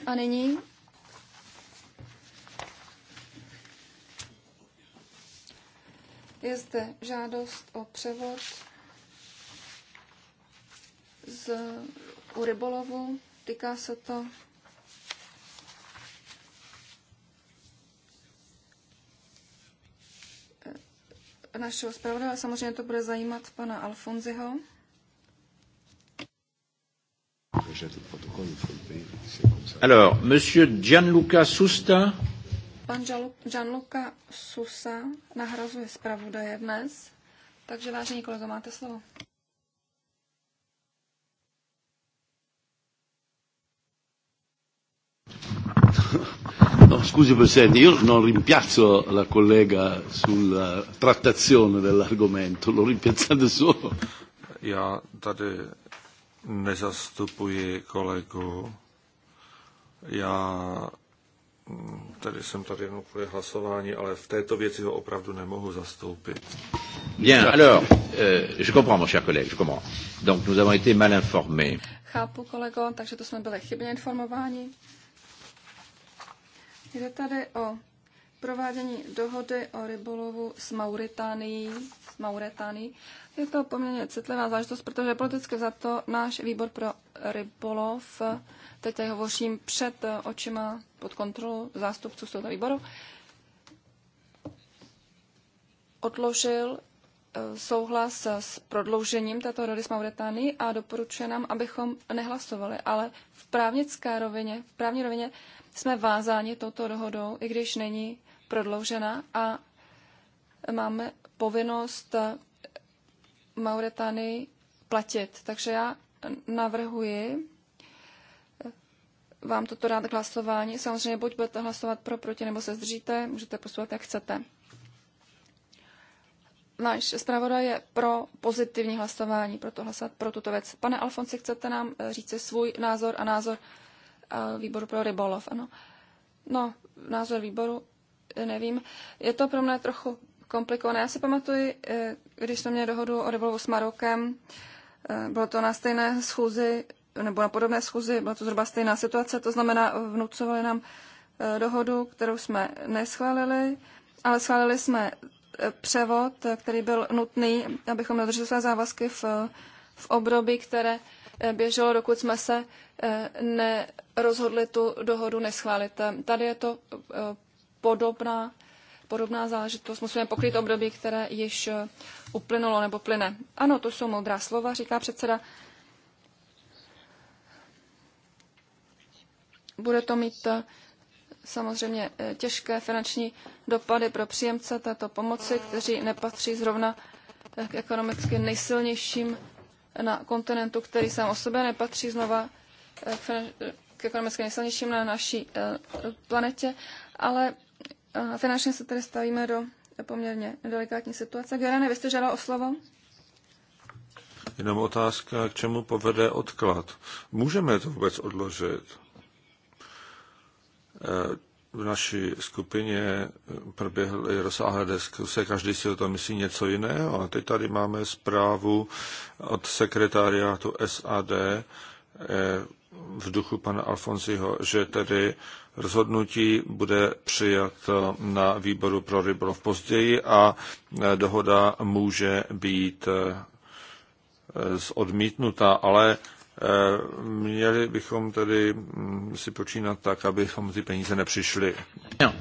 [SPEAKER 3] A nyní je zde žádost o převod z, u rybolovu. Týká se to našeho zpravodaje. Samozřejmě to bude zajímat pana Alfonziho.
[SPEAKER 1] Alors, monsieur Gianluca Susta.
[SPEAKER 3] Pan Gianluca Susa nahrazuje zpravodaje dnes, takže vážení kolego, máte slovo. No, scusi Presidente, io non rimpiazzo la collega sulla trattazione dell'argomento, l'ho rimpiazzata solo.
[SPEAKER 1] Já tady nezastupuji kolegu. Já mm, tady jsem tady jenom kvůli hlasování, ale v této věci ho opravdu nemohu zastoupit. Bien, alors, euh, je comprends, mon cher collègue, je comprends. Donc, nous avons été mal informés.
[SPEAKER 3] Chápu, kolego, takže to jsme byli chybně informováni. Jde tady o provádění dohody o rybolovu s Mauritánií. S Mauritánií. Je to poměrně citlivá záležitost, protože politicky za to náš výbor pro rybolov, teď tady hovořím před očima pod kontrolu zástupců z tohoto výboru, odložil eh, souhlas s prodloužením této dohody s Mauritánií a doporučuje nám, abychom nehlasovali. Ale v právnické rovině, v právní rovině jsme vázáni touto dohodou, i když není prodloužena a máme povinnost Mauretánii platit. Takže já navrhuji vám toto dát k hlasování. Samozřejmě buď budete hlasovat pro, proti, nebo se zdržíte, můžete postupovat, jak chcete. Náš zpravodaj je pro pozitivní hlasování, proto hlasovat pro tuto věc. Pane Alfonsi, chcete nám eh, říct svůj názor a názor výboru pro rybolov, ano. No, názor výboru, eh, nevím. Je to pro mě trochu komplikované. Já si pamatuji, eh, když jsme měli dohodu o rybolovu s Marokem, eh, bylo to na stejné schůzi, nebo na podobné schůzi, byla to zhruba stejná situace, to znamená, vnucovali nám dohodu, kterou jsme neschválili, ale schválili jsme převod, který byl nutný, abychom dodrželi své závazky v, v období, které Eh, běželo, dokud jsme se eh, nerozhodli tu dohodu neschválit. Eh, tady je to podobná, podobná záležitost. Musíme pokrýt období, které již uplynulo nebo plyne. Ano, to jsou moudrá slova, říká předseda. Bude to mít samozřejmě těžké finanční dopady pro příjemce této pomoci, kteří nepatří zrovna k ekonomicky nejsilnějším na kontinentu, který sám o sobě nepatří znova eh, eh, k ekonomicky nejsilnějším na naší eh, planetě, ale finančně se tedy stavíme do poměrně delikátní situace. Gerane, vy jste žádal o slovo?
[SPEAKER 1] Jenom otázka, k čemu povede odklad. Můžeme to vůbec odložit? v naší skupině proběhly rozsáhlé diskuse, každý si o tom myslí něco jiného. A teď tady máme zprávu od sekretariátu SAD eh, v duchu pana Alfonsiho, že tedy rozhodnutí bude přijat eh, na výboru pro rybolov později a eh, dohoda může být odmítnutá, ale Eh, měli bychom tedy mm, si počínat tak, abychom ty peníze nepřišli. No,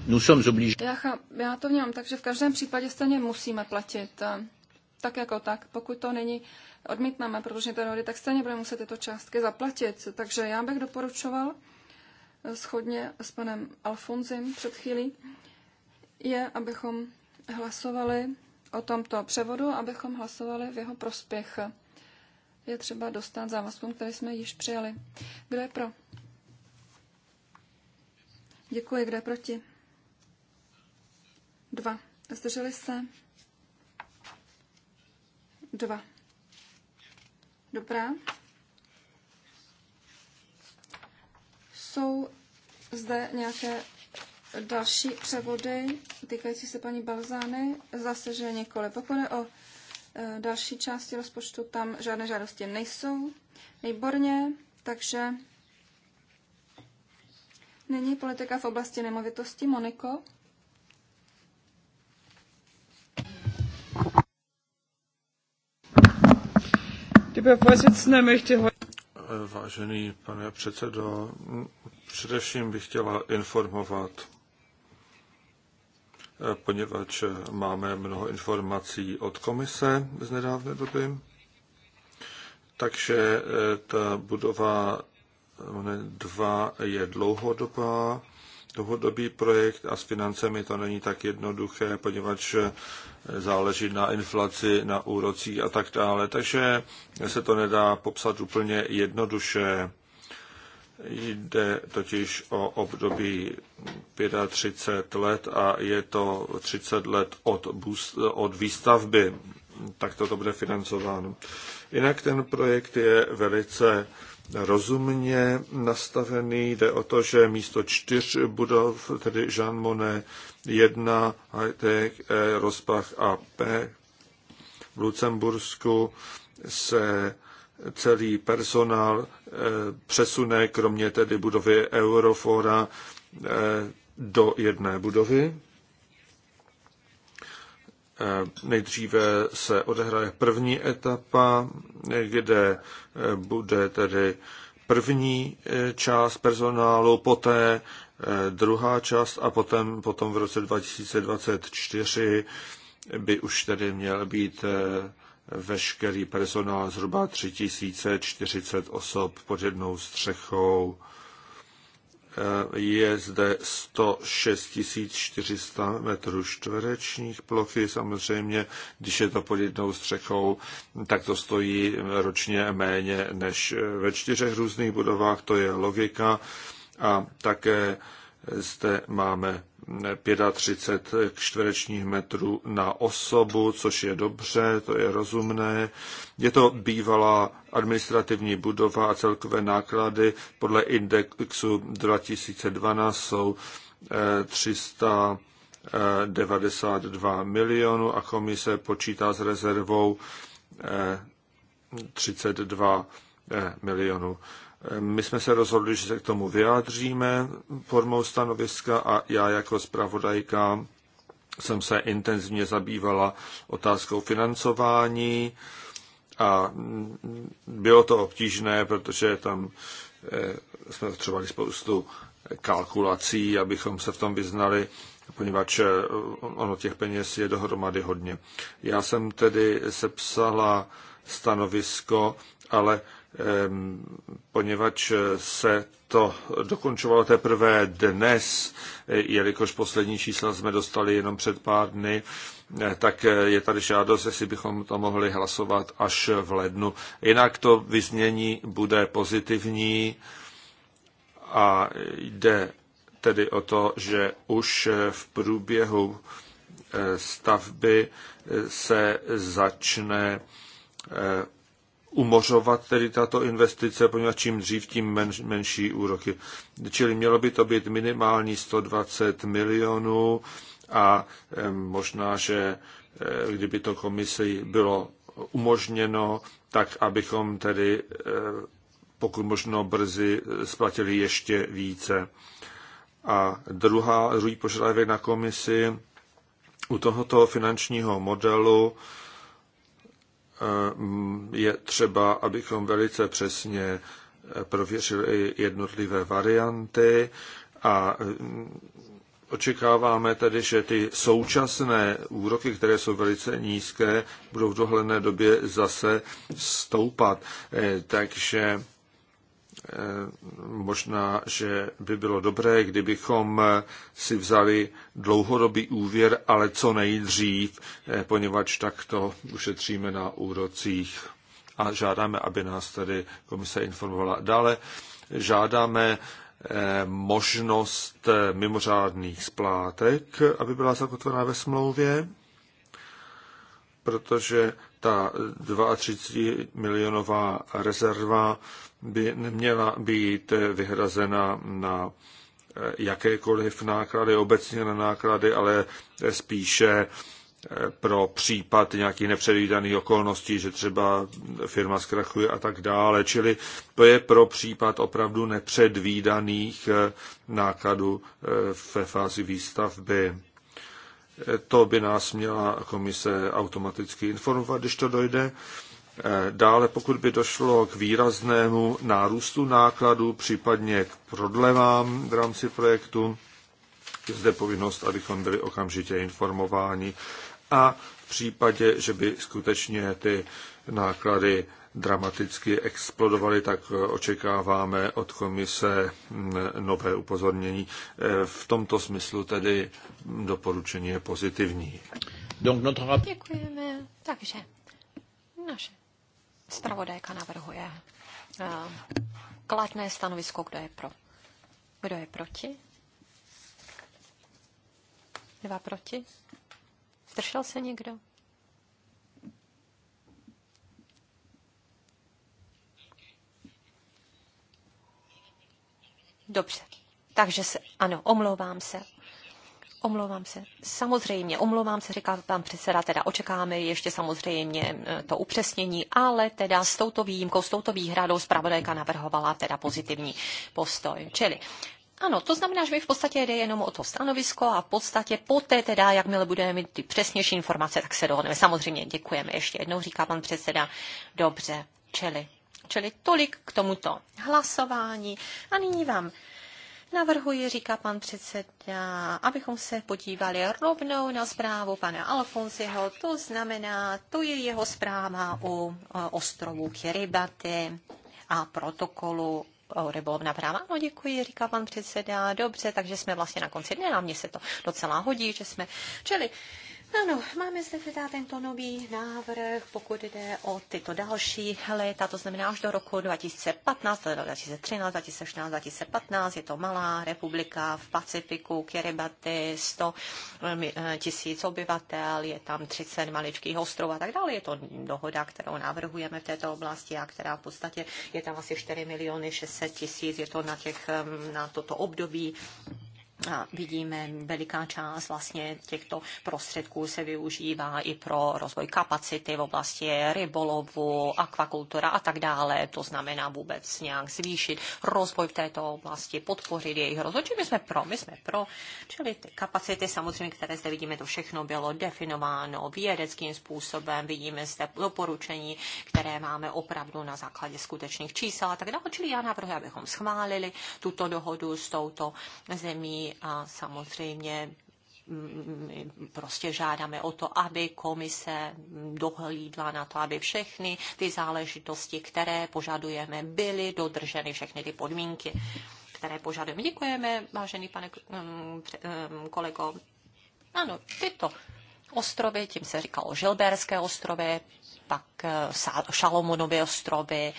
[SPEAKER 3] já, já to vnímám, takže v každém případě stejně musíme platit. Eh, tak jako tak. Pokud to není, odmítneme, protože ten dohody, tak stejně budeme muset tyto částky zaplatit. Takže já bych doporučoval, eh, schodně s panem Alfonzim před chvílí, je, abychom hlasovali o tomto převodu, abychom hlasovali v jeho prospěch je třeba dostat závazkům, které jsme již přijali. Kdo je pro? Děkuji. Kdo je proti? Dva. Zdrželi se? Dva. Dobrá. Jsou zde nějaké další převody týkající se paní Balzány? Zase, že nikoli. Pokud je o Eh, další části rozpočtu, tam žádné žádosti nejsou. Výborně, takže není politika v oblasti nemovitosti. Moniko?
[SPEAKER 2] Eh,
[SPEAKER 1] vážený pane předsedo, především bych chtěla informovat poněvadž máme mnoho informací od komise z nedávné doby. Takže eh, ta budova 2 je dlouhodobá, dlouhodobý projekt a s financemi to není tak jednoduché, poněvadž eh, záleží na inflaci, na úrocích a tak dále. Takže se to nedá popsat úplně jednoduše. Jde totiž o období 35 let a je to 30 let od, boost, od výstavby. Tak to bude financováno. Jinak ten projekt je velice rozumně nastavený. Jde o to, že místo čtyř budov, tedy Jean Monnet 1, Hightech, e, Rozpach a P v Lucembursku, se celý personál eh, přesune, kromě tedy budovy Eurofora, eh, do jedné budovy. Eh, nejdříve se odehraje první etapa, kde bude tedy první část personálu, poté druhá část a potom, potom v roce 2024 by už tedy měl být veškerý personál, zhruba 3040 osob pod jednou střechou. Eh, je zde 106 400 metrů čtverečních plochy. Samozřejmě, když je to pod jednou střechou, tak to stojí ročně méně než ve čtyřech různých budovách. To je logika. A také zde máme 35 čtverečních metrů na osobu, což je dobře, to je rozumné. Je to bývalá administrativní budova a celkové náklady podle indexu 2012 jsou 392 eh, milionů a komise počítá s rezervou 32 eh, eh, milionů. My jsme se rozhodli, že se k tomu vyjádříme formou stanoviska a já jako zpravodajka jsem se intenzivně zabývala otázkou financování a bylo to obtížné, protože tam eh, jsme potřebovali spoustu kalkulací, abychom se v tom vyznali, poněvadž eh, ono těch peněz je dohromady hodně. Já jsem tedy sepsala stanovisko, ale poněvadž se to dokončovalo teprve dnes, jelikož poslední čísla jsme dostali jenom před pár dny, eh, tak eh, je tady žádost, jestli bychom to mohli hlasovat až v lednu. Jinak to vyznění bude pozitivní a jde tedy o to, že už eh, v průběhu stavby se začne umořovat tedy tato investice, poněvadž čím dřív, tím men, menší úroky. Čili mělo by to být minimální 120 milionů a možná, že eh, kdyby to komisi bylo umožněno, tak abychom tedy eh, pokud možno brzy eh, splatili ještě více. A druhá, druhý požadavek na komisi u tohoto finančního modelu Mm, je třeba, abychom velice přesně e, prověřili jednotlivé varianty a mm, očekáváme tedy, že ty současné úroky, které jsou velice nízké, budou v dohledné době zase stoupat. E, takže Eh, možná, že by bylo dobré, kdybychom eh, si vzali dlouhodobý úvěr, ale co nejdřív, eh, poněvadž tak to ušetříme na úrocích. A žádáme, aby nás tedy komise informovala. Dále žádáme možnost mimořádných splátek, aby byla zakotvená ve smlouvě, protože ta 32 milionová rezerva by neměla být vyhrazena na eh, jakékoliv náklady, obecně na náklady, ale spíše eh, pro případ nějakých nepředvídaných okolností, že třeba firma zkrachuje a tak dále. Čili to je pro případ opravdu nepředvídaných eh, nákladů ve fázi výstavby. To by nás měla komise automaticky informovat, když to dojde. Dále, pokud by došlo k výraznému nárůstu nákladů, případně k prodlevám v rámci projektu, je zde povinnost, abychom byli okamžitě informováni a v případě, že by skutečně ty náklady dramaticky explodovaly, tak eh, očekáváme od komise mm, nové upozornění. Eh, v tomto smyslu tedy doporučení je pozitivní.
[SPEAKER 2] Děkujeme. Takže naše zpravodajka navrhuje eh, kladné stanovisko, kdo je pro. Kdo je proti? Dva proti? Zdržel se někdo? Dobře, takže se, ano, omlouvám se. Omlouvám se. Samozřejmě, omlouvám se, říká pan předseda, teda očekáme ještě samozřejmě eh, to upřesnění, ale teda s touto výjimkou, s touto výhradou zpravodajka navrhovala teda pozitivní postoj. Čili ano, to znamená, že mi v podstatě jde jenom o to stanovisko a v podstatě poté teda, jakmile budeme mít ty přesnější informace, tak se dohodneme. Samozřejmě děkujeme ještě jednou, říká pan předseda. Dobře, čili Čili tolik k tomuto hlasování. A nyní vám Navrhuji, říká pan předseda, abychom se podívali rovnou na zprávu pana Alfonsiho, to znamená, to je jeho zpráva o ostrovu Kiribati a protokolu o rybolovná práva. No děkuji, říká pan předseda, dobře, takže jsme vlastně na konci dne, nám mně se to docela hodí, že jsme, čili ano, máme zde teda tento nový návrh, pokud jde o tyto další léta, to znamená až do roku 2015, 2013, 2016, 2015, je to malá republika v Pacifiku, Kiribati, 100 eh, eh, tisíc obyvatel, je tam 30 maličkých ostrov a tak dále. Je to dohoda, kterou navrhujeme v této oblasti a která v podstatě je tam asi 4 miliony 600 tisíc, je to na, těch, eh, na toto období a vidíme, veliká část vlastně těchto prostředků se využívá i pro rozvoj kapacity v oblasti rybolovu, akvakultura a tak dále. To znamená vůbec nějak zvýšit rozvoj v této oblasti, podpořit jejich rozvoj. Čili my jsme pro, my jsme pro. Čili ty kapacity samozřejmě, které zde vidíme, to všechno bylo definováno vědeckým způsobem. Vidíme zde doporučení, které máme opravdu na základě skutečných čísel a tak dále. Čili já navrhuji, abychom schválili tuto dohodu s touto zemí a samozřejmě mm, mm, prostě žádáme o to, aby komise dohlídla na to, aby všechny ty záležitosti, které požadujeme, byly dodrženy, všechny ty podmínky, které požadujeme. Děkujeme, vážený pane mm, kolego. Ano, tyto ostrovy, tím se říkalo Žilberské ostrovy, pak eh, Šalomonovy ostrovy,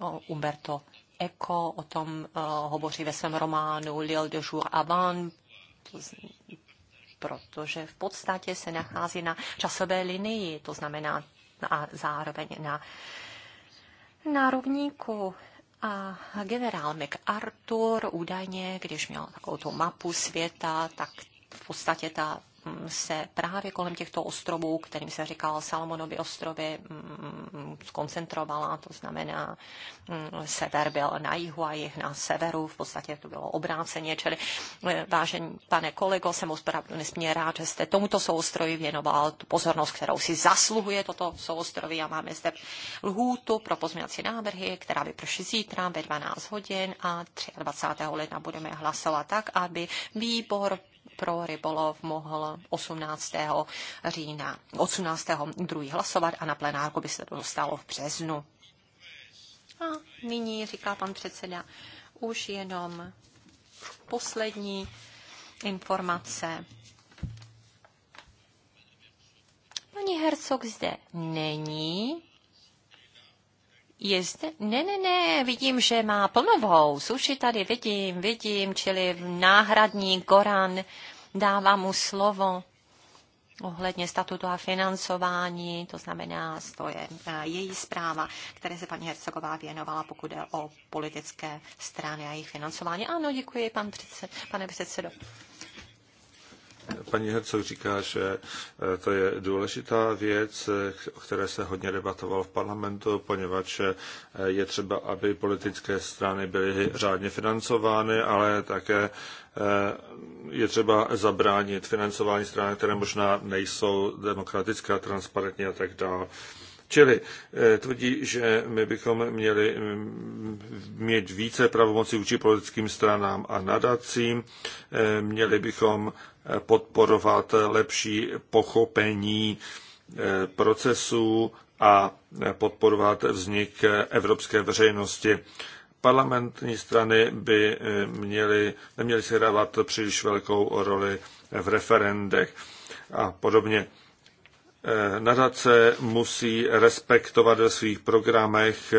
[SPEAKER 2] no, Umberto Eko o tom uh, hovoří ve svém románu Lille de jour avant, protože v podstatě se nachází na časové linii, to znamená a zároveň na, nárovníku A generál McArthur údajně, když měl takovou tu mapu světa, tak v podstatě ta se právě kolem těchto ostrovů, kterým se říkal Salomonovy ostrovy, mm, skoncentrovala, to znamená, mm, sever byl na jihu a jih na severu, v podstatě to bylo obráceně, čili e, vážení pane kolego, jsem opravdu nesmírně rád, že jste tomuto souostroji věnoval tu pozornost, kterou si zasluhuje toto souostroví a máme zde lhůtu pro pozměňovací návrhy, která vyprší zítra ve 12 hodin a 23. ledna budeme hlasovat tak, aby výbor pro rybolov mohl 18. října, 18. druhý hlasovat a na plenárku by se to dostalo v březnu. A nyní, říká pan předseda, už jenom poslední informace. Paní Hercog zde není, je zde? Ne, ne, ne, vidím, že má plnovou. Suši tady vidím, vidím, čili náhradní Goran dává mu slovo ohledně statutu a financování, to znamená, to je eh, její zpráva, které se paní Hercegová věnovala, pokud je o politické strany a jejich financování. Ano, děkuji, pan předsed, pane předsedo
[SPEAKER 1] paní Hercog říká, že eh, to je důležitá věc, eh, o které se hodně debatovalo v parlamentu, poněvadž eh, je třeba, aby politické strany byly řádně financovány, ale také je třeba zabránit financování stran, které možná nejsou demokratické, transparentní a tak dále. Čili tvrdí, že my bychom měli mm, mít více pravomocí vůči politickým stranám a nadacím, měli bychom podporovat lepší pochopení eh, procesů a podporovat vznik evropské veřejnosti. Parlamentní strany by eh, měly, neměly si hrávat příliš velkou roli v referendech a podobně. Eh, nadace musí respektovat ve svých programech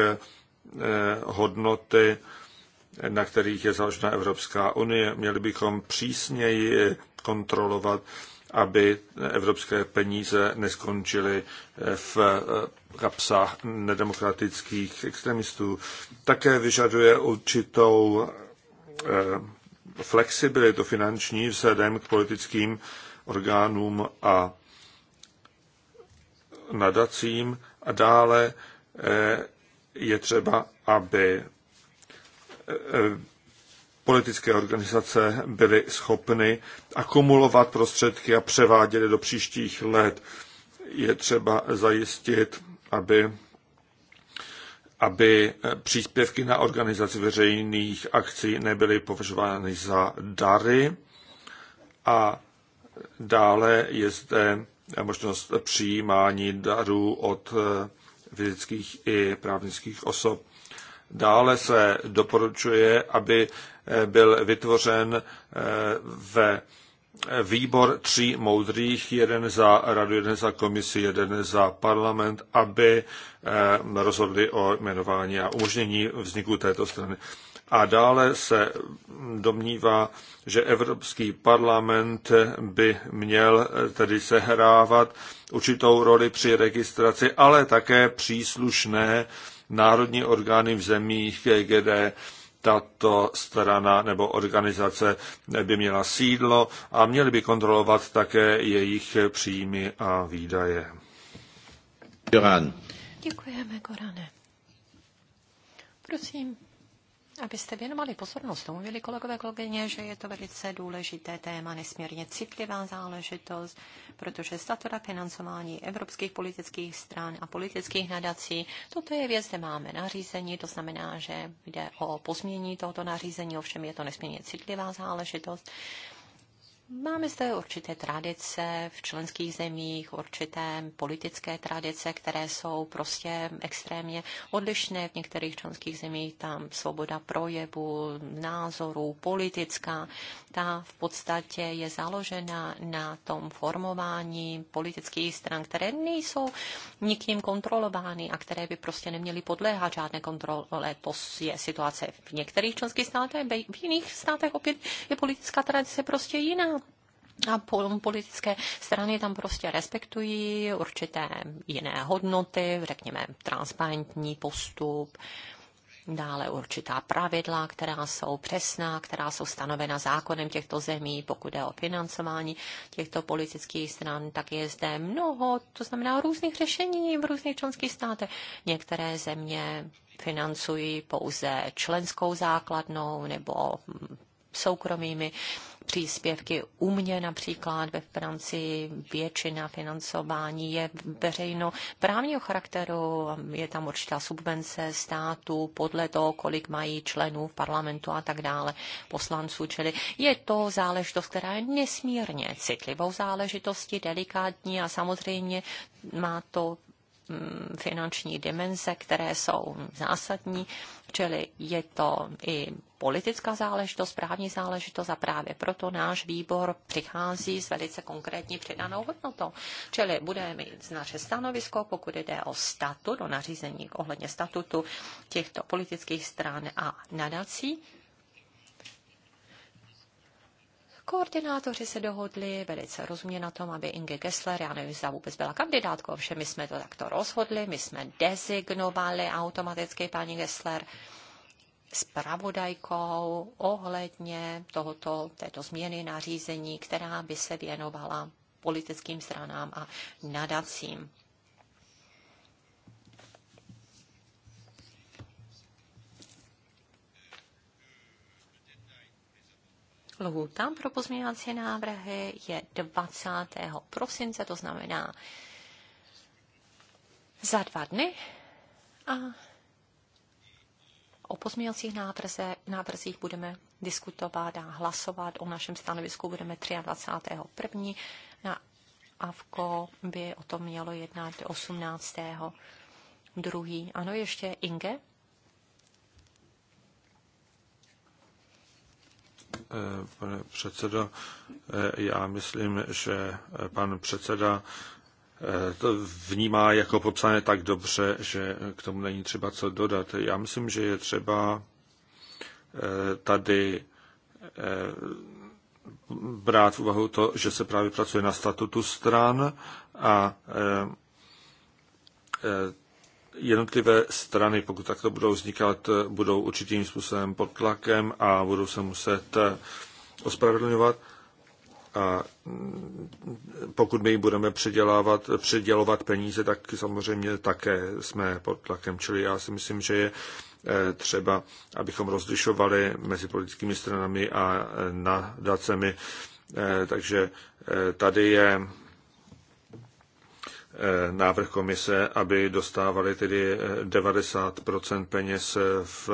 [SPEAKER 1] hodnoty, na kterých je založena Evropská unie. Měli bychom přísněji kontrolovat, aby evropské peníze neskončily v eh, kapsách nedemokratických extremistů. Také vyžaduje určitou eh, flexibilitu finanční vzhledem k politickým orgánům a nadacím a dále eh, je třeba, aby politické organizace byly schopny akumulovat prostředky a převáděly do příštích let. Je třeba zajistit, aby aby příspěvky na organizaci veřejných akcí nebyly považovány za dary. A dále je zde možnost přijímání darů od eh, fyzických i právnických osob. Dále se doporučuje, aby byl vytvořen eh, ve výbor tří moudrých, jeden za radu, jeden za komisi, jeden za parlament, aby eh, rozhodli o jmenování a umožnění vzniku této strany. A dále se domnívá, že Evropský parlament by měl eh, tedy sehrávat určitou roli při registraci, ale také příslušné národní orgány v zemích, kde tato strana nebo organizace by měla sídlo a měli by kontrolovat také jejich příjmy a výdaje.
[SPEAKER 2] Děkujeme, Korane. Prosím, abyste věnovali pozornost tomu, milí kolegové, kolegyně, že je to velice důležité téma, nesmírně citlivá záležitost, protože statura financování evropských politických stran a politických nadací, toto je věc, kde máme nařízení, to znamená, že jde o pozmění tohoto nařízení, ovšem je to nesmírně citlivá záležitost Máme zde určité tradice v členských zemích, určité politické tradice, které jsou prostě extrémně odlišné. V některých členských zemích tam svoboda projevu, názorů, politická, ta v podstatě je založena na tom formování politických stran, které nejsou nikým kontrolovány a které by prostě neměly podléhat žádné kontrole. To je situace v některých členských státech, v jiných státech opět je politická tradice prostě jiná a politické strany tam prostě respektují určité jiné hodnoty, řekněme transparentní postup, dále určitá pravidla, která jsou přesná, která jsou stanovena zákonem těchto zemí, pokud je o financování těchto politických stran, tak je zde mnoho, to znamená různých řešení v různých členských státech. Některé země financují pouze členskou základnou nebo soukromými příspěvky. U mě například ve Francii většina financování je veřejno právního charakteru, je tam určitá subvence státu podle toho, kolik mají členů v parlamentu a tak dále, poslanců, čili je to záležitost, která je nesmírně citlivou záležitostí, delikátní a samozřejmě má to Mm, finanční dimenze, které jsou zásadní, čili je to i politická záležitost, právní záležitost a právě proto náš výbor přichází s velice konkrétní přidanou hodnotou. Čili budeme mít naše stanovisko, pokud jde o statut, o nařízení ohledně statutu těchto politických stran a nadací Koordinátoři se dohodli velice rozumně na tom, aby Inge Gessler, já nevím, zda vůbec byla kandidátkou, ovšem my jsme to takto rozhodli, my jsme dezignovali automaticky paní s spravodajkou ohledně tohoto, této změny nařízení, která by se věnovala politickým stranám a nadacím. Lhůta pro pozměňovací návrhy je 20. prosince, to znamená za dva dny. A o pozměňovacích návrzích budeme diskutovat a hlasovat. O našem stanovisku budeme 23.1. Na AVKO by o tom mělo jednat 18. 2. Ano, ještě Inge.
[SPEAKER 1] Eh, pane předsedo. Eh, já myslím, že pan předseda eh, to vnímá jako popsané tak dobře, že k tomu není třeba co dodat. Já myslím, že je třeba tady brát v úvahu to, že se právě pracuje na statutu stran a jednotlivé strany, pokud takto budou vznikat, budou určitým způsobem pod tlakem a budou se muset eh, ospravedlňovat. A mm, pokud my budeme předělávat, předělovat peníze, tak samozřejmě také jsme pod tlakem. Čili já si myslím, že je eh, třeba, abychom rozlišovali mezi politickými stranami a eh, nadacemi. Takže tady je Eh, návrh komise, aby dostávali tedy 90 eh, peněz eh, v,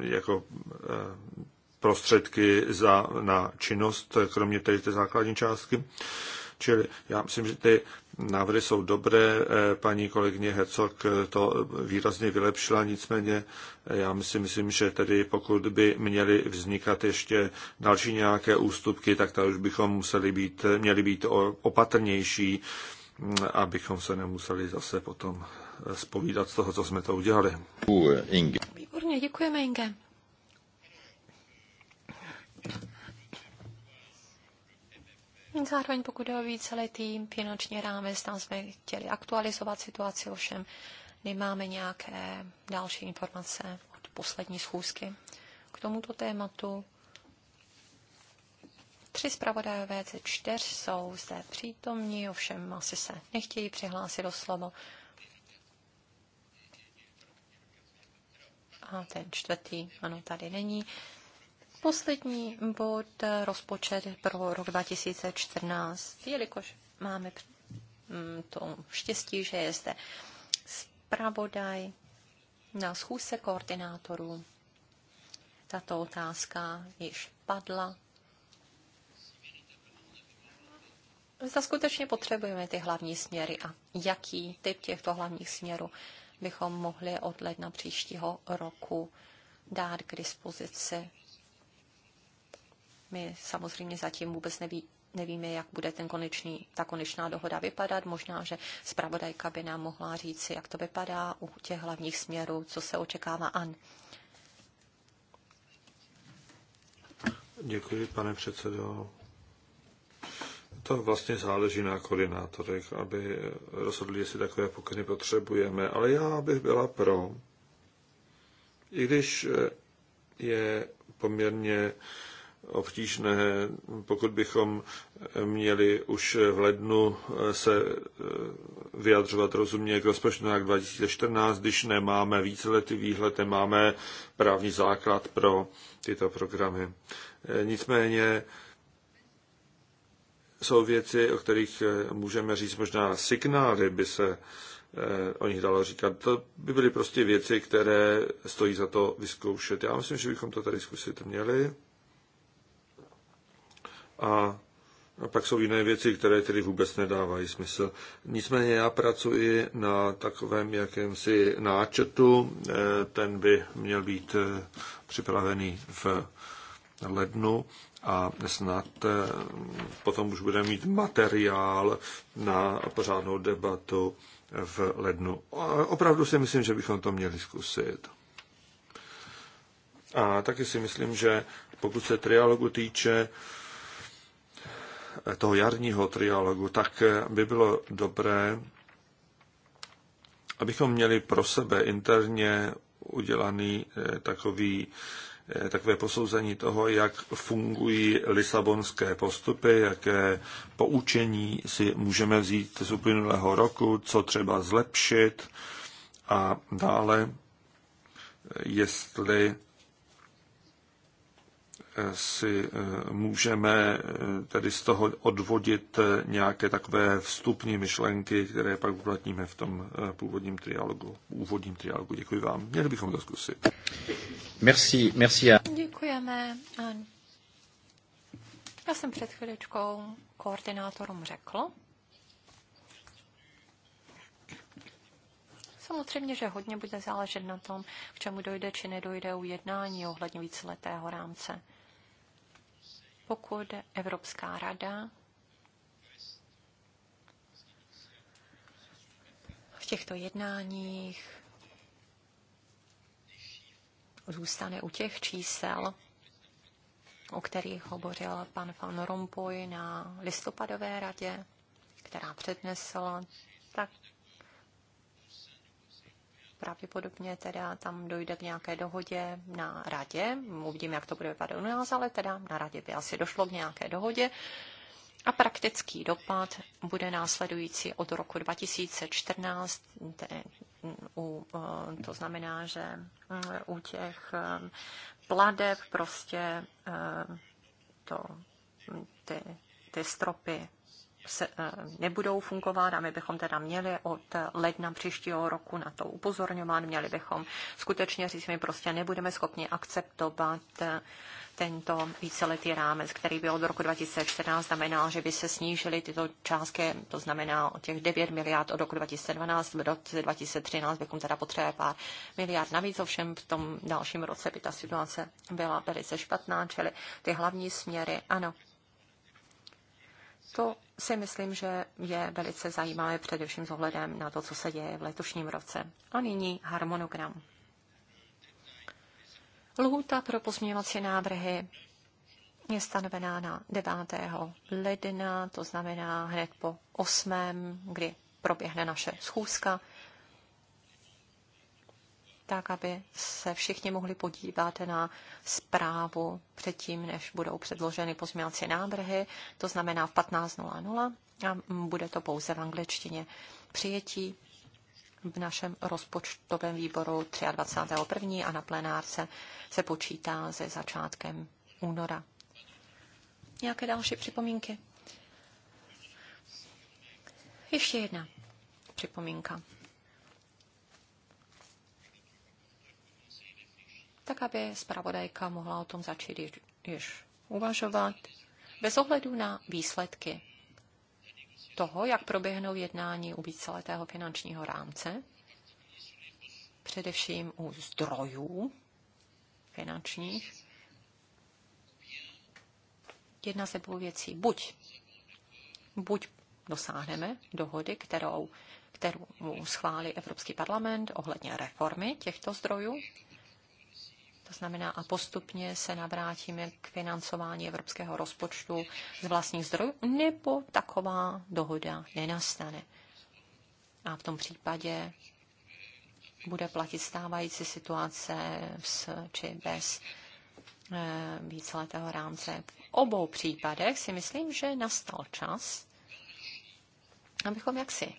[SPEAKER 1] jako prostředky za, na činnost, kromě tedy té základní částky. Čili já myslím, že ty návrhy jsou dobré. Paní kolegyně Hercog to výrazně vylepšila, nicméně já si myslím, že tedy pokud by měly vznikat ještě další nějaké ústupky, tak tady už bychom museli být, měli být opatrnější abychom se nemuseli zase potom spovídat z toho, co jsme to udělali.
[SPEAKER 2] Výborně, děkujeme, Inge. Zároveň pokud je o tým finanční ráme, tam jsme chtěli aktualizovat situaci, ovšem nemáme nějaké další informace od poslední schůzky k tomuto tématu. Tři zpravodajové ze čtyř jsou zde přítomní, ovšem asi se nechtějí přihlásit do slovo. A ten čtvrtý, ano, tady není. Poslední bod, rozpočet pro rok 2014, jelikož máme mm, to štěstí, že je zde zpravodaj na schůzce koordinátorů. Tato otázka již padla zda skutečně potřebujeme ty hlavní směry a jaký typ těchto hlavních směrů bychom mohli od ledna příštího roku dát k dispozici. My samozřejmě zatím vůbec neví, nevíme, jak bude ten konečný, ta konečná dohoda vypadat. Možná, že zpravodajka by nám mohla říci, jak to vypadá u těch hlavních směrů, co se očekává AN.
[SPEAKER 1] Děkuji, pane předsedo to vlastně záleží na koordinátorech, aby rozhodli, jestli takové pokyny potřebujeme. Ale já bych byla pro, i když je poměrně obtížné, pokud bychom měli už v lednu se vyjadřovat rozumně k rozpočtu na 2014, když nemáme víceletý výhled, nemáme právní základ pro tyto programy. Nicméně jsou věci, o kterých eh, můžeme říct možná signály, by se eh, o nich dalo říkat. To by byly prostě věci, které stojí za to vyzkoušet. Já myslím, že bychom to tady zkusit měli. A pak jsou jiné věci, které tedy vůbec nedávají smysl. Nicméně já pracuji na takovém jakémsi náčetu. Eh, ten by měl být připravený v lednu a snad eh, potom už budeme mít materiál na pořádnou debatu v lednu. Opravdu si myslím, že bychom to měli zkusit. A taky si myslím, že pokud se trialogu týče eh, toho jarního trialogu, tak eh, by bylo dobré, abychom měli pro sebe interně udělaný takový Eh, takové posouzení toho, jak fungují lisabonské postupy, jaké poučení si můžeme vzít z uplynulého roku, co třeba zlepšit a dále, jestli si eh, můžeme eh, tedy z toho odvodit eh, nějaké takové vstupní myšlenky, které pak uplatníme v tom původním trialogu, úvodním trialogu. Děkuji vám. Měli bychom to zkusit. Merci, merci.
[SPEAKER 2] Děkujeme. Já jsem před chvíličkou koordinátorům řekl, Samozřejmě, že hodně bude záležet na tom, k čemu dojde či nedojde u jednání ohledně víceletého rámce pokud Evropská rada v těchto jednáních zůstane u těch čísel, o kterých hovořil pan Van Rompuy na listopadové radě, která přednesla pravděpodobně teda tam dojde k nějaké dohodě na radě. Uvidíme, jak to bude vypadat u nás, ale teda na radě by asi došlo k nějaké dohodě. A praktický dopad bude následující od roku 2014, u, eh, to znamená, že mm, u těch eh, pladeb prostě eh, to, ty, ty stropy se, eh, nebudou fungovat a my bychom teda měli od ledna příštího roku na to upozorňovat, měli bychom skutečně říct, my prostě nebudeme schopni akceptovat eh, tento víceletý rámec, který byl od roku 2014 znamenal, že by se snížily tyto částky, to znamená o těch 9 miliard od roku 2012, v roce 2013 bychom teda potřebovali pár miliard. Navíc ovšem v tom dalším roce by ta situace byla velice špatná, čili ty hlavní směry, ano, to si myslím, že je velice zajímavé především s ohledem na to, co se děje v letošním roce. A nyní harmonogram. Lhůta pro pozměňovací návrhy je stanovená na 9. ledna, to znamená hned po 8., kdy proběhne naše schůzka tak aby se všichni mohli podívat na zprávu předtím, než budou předloženy pozměňovací návrhy, to znamená v 15.00 a bude to pouze v angličtině. Přijetí v našem rozpočtovém výboru 23.1. a na plenárce se počítá se začátkem února. Nějaké další připomínky? Ještě jedna připomínka. tak aby zpravodajka mohla o tom začít již, uvažovat, bez ohledu na výsledky toho, jak proběhnou jednání u víceletého finančního rámce, především u zdrojů finančních. Jedna ze dvou věcí. Buď, buď dosáhneme dohody, kterou, kterou schválí Evropský parlament ohledně reformy těchto zdrojů, to znamená, a postupně se navrátíme k financování evropského rozpočtu z vlastních zdrojů, nebo taková dohoda nenastane. A v tom případě bude platit stávající situace s, či bez e, víceletého rámce. V obou případech si myslím, že nastal čas, abychom jaksi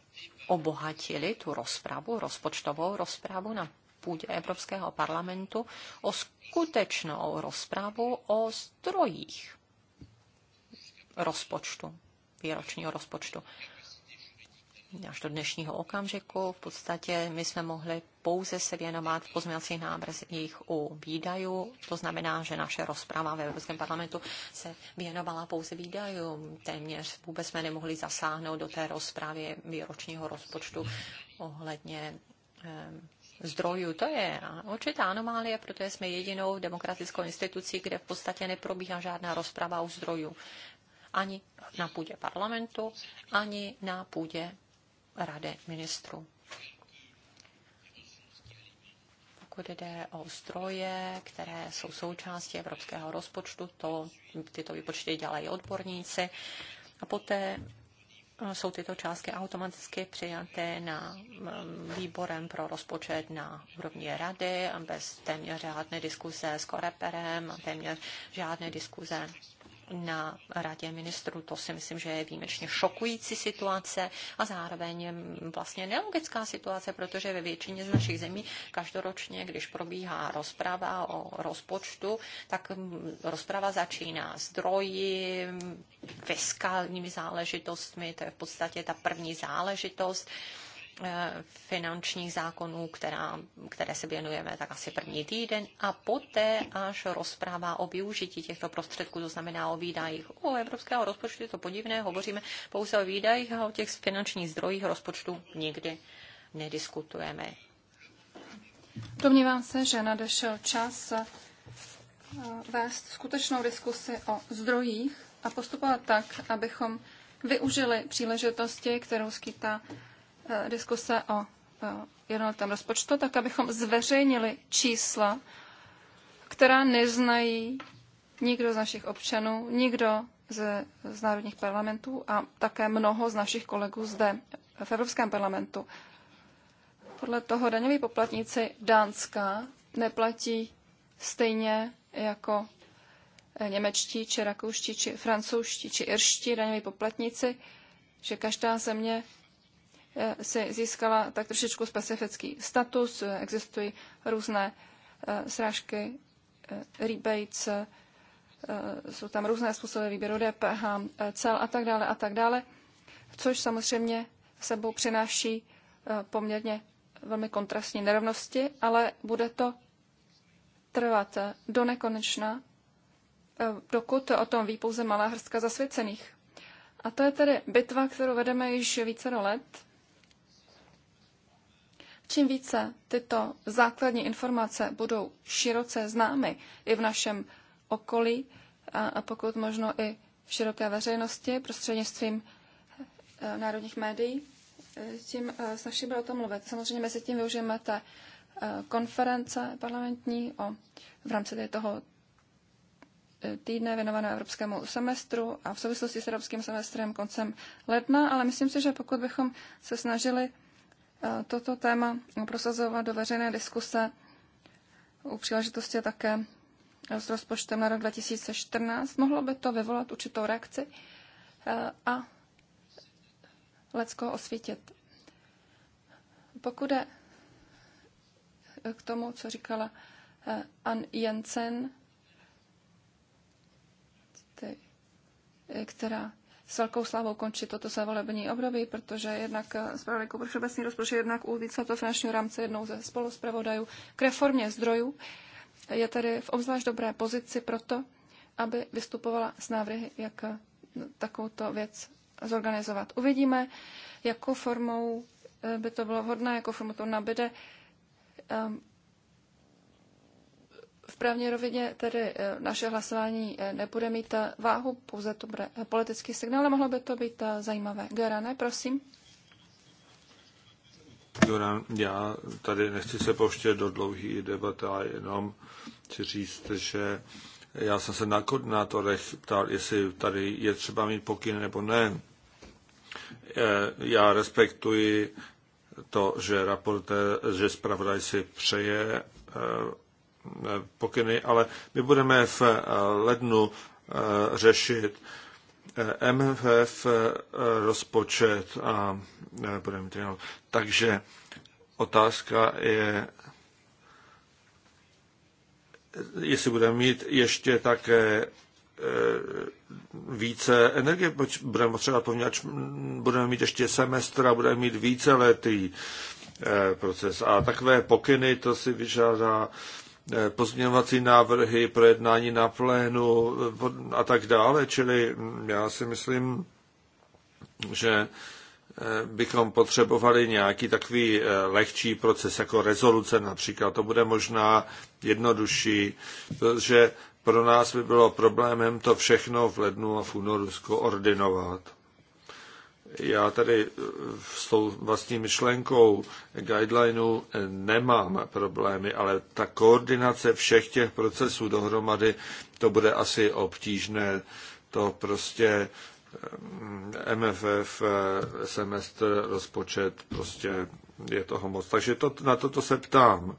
[SPEAKER 2] obohatili tu rozpravu, rozpočtovou rozpravu na půdě Evropského parlamentu o skutečnou rozpravu o zdrojích rozpočtu, výročního rozpočtu. Až do dnešního okamžiku v podstatě my jsme mohli pouze se věnovat v pozměňovacích návrzích u výdajů. To znamená, že naše rozprava ve Evropském parlamentu se věnovala pouze výdajům. Téměř vůbec jsme nemohli zasáhnout do té rozprávy výročního rozpočtu ohledně eh, zdrojů. To je určitá anomálie, protože jsme jedinou demokratickou institucí, kde v podstatě neprobíhá žádná rozprava o zdrojů. Ani na půdě parlamentu, ani na půdě rady ministrů. pokud jde o zdroje, které jsou součástí evropského rozpočtu, to tyto výpočty dělají odborníci. A poté jsou tyto částky automaticky přijaté na výborem pro rozpočet na úrovni rady bez téměř žádné diskuze s koreperem a téměř žádné diskuze na radě ministrů. To si myslím, že je výjimečně šokující situace a zároveň vlastně nelogická situace, protože ve většině z našich zemí každoročně, když probíhá rozprava o rozpočtu, tak rozprava začíná zdroji, fiskálními záležitostmi, to je v podstatě ta první záležitost Eh, finančních zákonů, která, které se věnujeme tak asi první týden a poté až rozpráva o využití těchto prostředků, to znamená o výdajích. o evropského rozpočtu je to podivné, hovoříme pouze o výdajích a o těch finančních zdrojích rozpočtu nikdy nediskutujeme.
[SPEAKER 3] Domnívám se, že nadešel čas eh, vést skutečnou diskusi o zdrojích a postupovat tak, abychom využili příležitosti, kterou skýtá Eh, diskuse o eh, jednotném rozpočtu, tak abychom zveřejnili čísla, která neznají nikdo z našich občanů, nikdo ze, z národních parlamentů a také mnoho z našich kolegů zde v Evropském parlamentu. Podle toho daňoví poplatníci Dánska neplatí stejně jako eh, němečtí, či rakouští, či francouzští, či irští daňoví poplatníci, že každá země Eh, si získala tak trošičku specifický status. Eh, existují různé eh, srážky, rebates, jsou tam různé způsoby výběru DPH, cel a tak dále a tak dále, což samozřejmě sebou přináší poměrně velmi kontrastní nerovnosti, ale bude to trvat do nekonečna, dokud o tom ví pouze malá hrstka zasvěcených. A to je tedy bitva, kterou vedeme již více do let Čím více tyto základní informace budou široce známy i v našem okolí a, pokud možno i v široké veřejnosti prostřednictvím e, národních médií, e, tím e, s naším bude o tom mluvit. Samozřejmě mezi tím využijeme té konference parlamentní o, v rámci toho týdne věnované evropskému semestru a v souvislosti s evropským semestrem koncem ledna, ale myslím si, že pokud bychom se snažili toto téma prosazovat do veřejné diskuse u příležitosti také s rozpočtem na rok 2014. Mohlo by to vyvolat určitou reakci eh, a Lecko osvítit. Pokud je k tomu, co říkala eh, Ann Jensen, která s velkou slavou končí toto své volební období, protože jednak eh, zpravodaj pro všeobecný rozpočet, jednak u víceletého finančního rámce jednou ze spoluzpravodajů k reformě zdrojů je tedy v obzvlášť dobré pozici proto, aby vystupovala s návrhy, jak eh, takovouto věc zorganizovat. Uvidíme, jakou formou eh, by to bylo vhodné, jakou formu to nabide. Ehm, v právní rovině tedy eh, naše hlasování eh, nebude mít eh, váhu, pouze to bude politický signál, ale mohlo by to být zajímavé. Gerane, prosím.
[SPEAKER 1] Joran, já tady nechci se pouštět do dlouhý debat a jenom chci říct, že já jsem se na koordinátorech ptal, jestli tady je třeba mít pokyn nebo ne. Já respektuji to, že, že zpravodaj si přeje Eh, pokyny, ale my budeme v eh, lednu eh, řešit MFF rozpočet a budeme trénovat. Takže otázka je, jestli budeme mít ještě také více energie, budeme potřebovat poměrč, budeme mít ještě semestr a budeme mít více letý proces. A takové pokyny, to si vyžádá Eh, pozměňovací návrhy, projednání na plénu eh, a tak dále. Čili hm, já si myslím, že eh, bychom potřebovali nějaký takový lehčí proces, jako rezoluce například. To bude možná jednodušší, protože pro nás by bylo problémem to všechno v lednu a v únoru skoordinovat. Já tady eh, s tou vlastní myšlenkou guidelineu eh, nemám problémy, ale ta koordinace všech těch procesů dohromady, to bude asi obtížné. To prostě eh, MFF, semestr, rozpočet, prostě je toho moc. Takže to, na toto se ptám.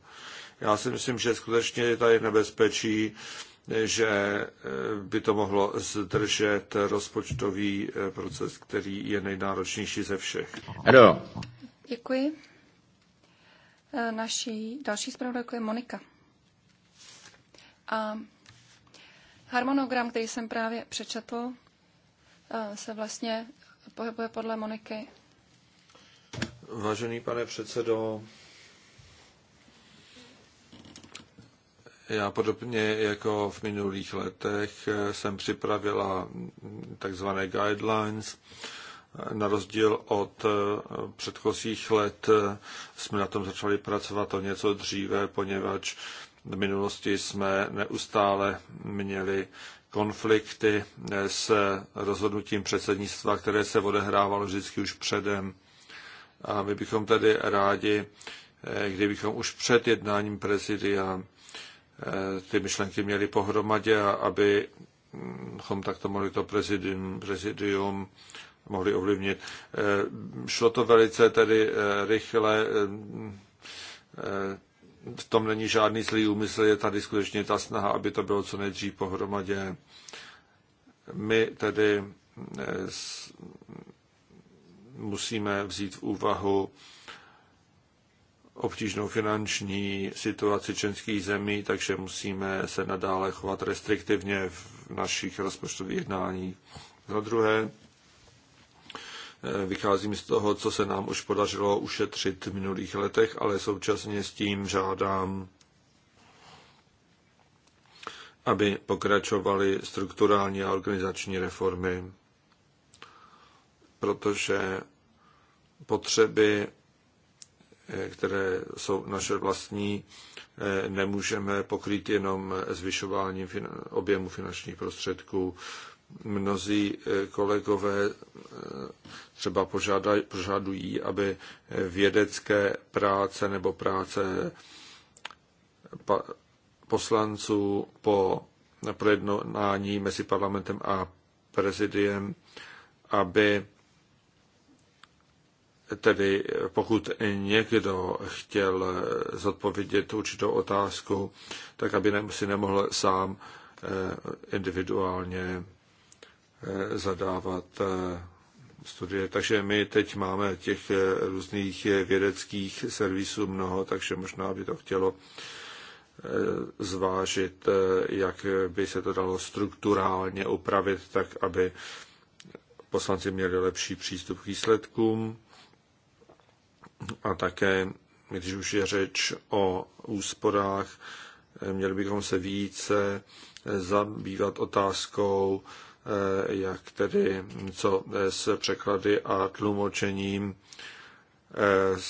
[SPEAKER 1] Já si myslím, že skutečně je tady nebezpečí, že eh, by to mohlo zdržet rozpočtový eh, proces, který je nejnáročnější ze všech. Ano.
[SPEAKER 3] Děkuji. Eh, naší další zpravodajka je Monika. A harmonogram, který jsem právě přečetl, se vlastně pohybuje podle Moniky.
[SPEAKER 1] Vážený pane předsedo, Já podobně jako v minulých letech jsem připravila takzvané guidelines. Na rozdíl od předchozích let jsme na tom začali pracovat o něco dříve, poněvadž v minulosti jsme neustále měli konflikty s rozhodnutím předsednictva, které se odehrávalo vždycky už předem. A my bychom tedy rádi, kdybychom už před jednáním prezidia Eh, ty myšlenky měli pohromadě a abychom takto mohli to prezidium, prezidium mohli ovlivnit. Eh, šlo to velice tedy eh, rychle, v tom není žádný zlý úmysl, je tady skutečně ta snaha, aby to bylo co nejdřív pohromadě. My tedy musíme vzít v úvahu obtížnou finanční situaci členských zemí, takže musíme se nadále chovat restriktivně v našich rozpočtových jednáních. Za druhé, eh, vycházím z toho, co se nám už podařilo ušetřit v minulých letech, ale současně s tím žádám, aby pokračovaly strukturální a organizační reformy, protože potřeby Eh, které jsou naše vlastní, eh, nemůžeme pokrýt jenom zvyšováním objemu finančních prostředků. Mnozí eh, kolegové třeba požadují, aby vědecké práce nebo práce poslanců po projednání mezi parlamentem a prezidiem, aby tedy pokud někdo chtěl zodpovědět určitou otázku, tak aby si nemohl sám eh, individuálně eh, zadávat eh, studie. Takže my teď máme těch různých vědeckých servisů mnoho, takže možná by to chtělo zvážit, jak by se to dalo strukturálně upravit, tak aby poslanci měli lepší přístup k výsledkům. A také, když už je řeč o úsporách, měli bychom se více zabývat otázkou, eh, jak tedy co eh, s překlady a tlumočením, eh,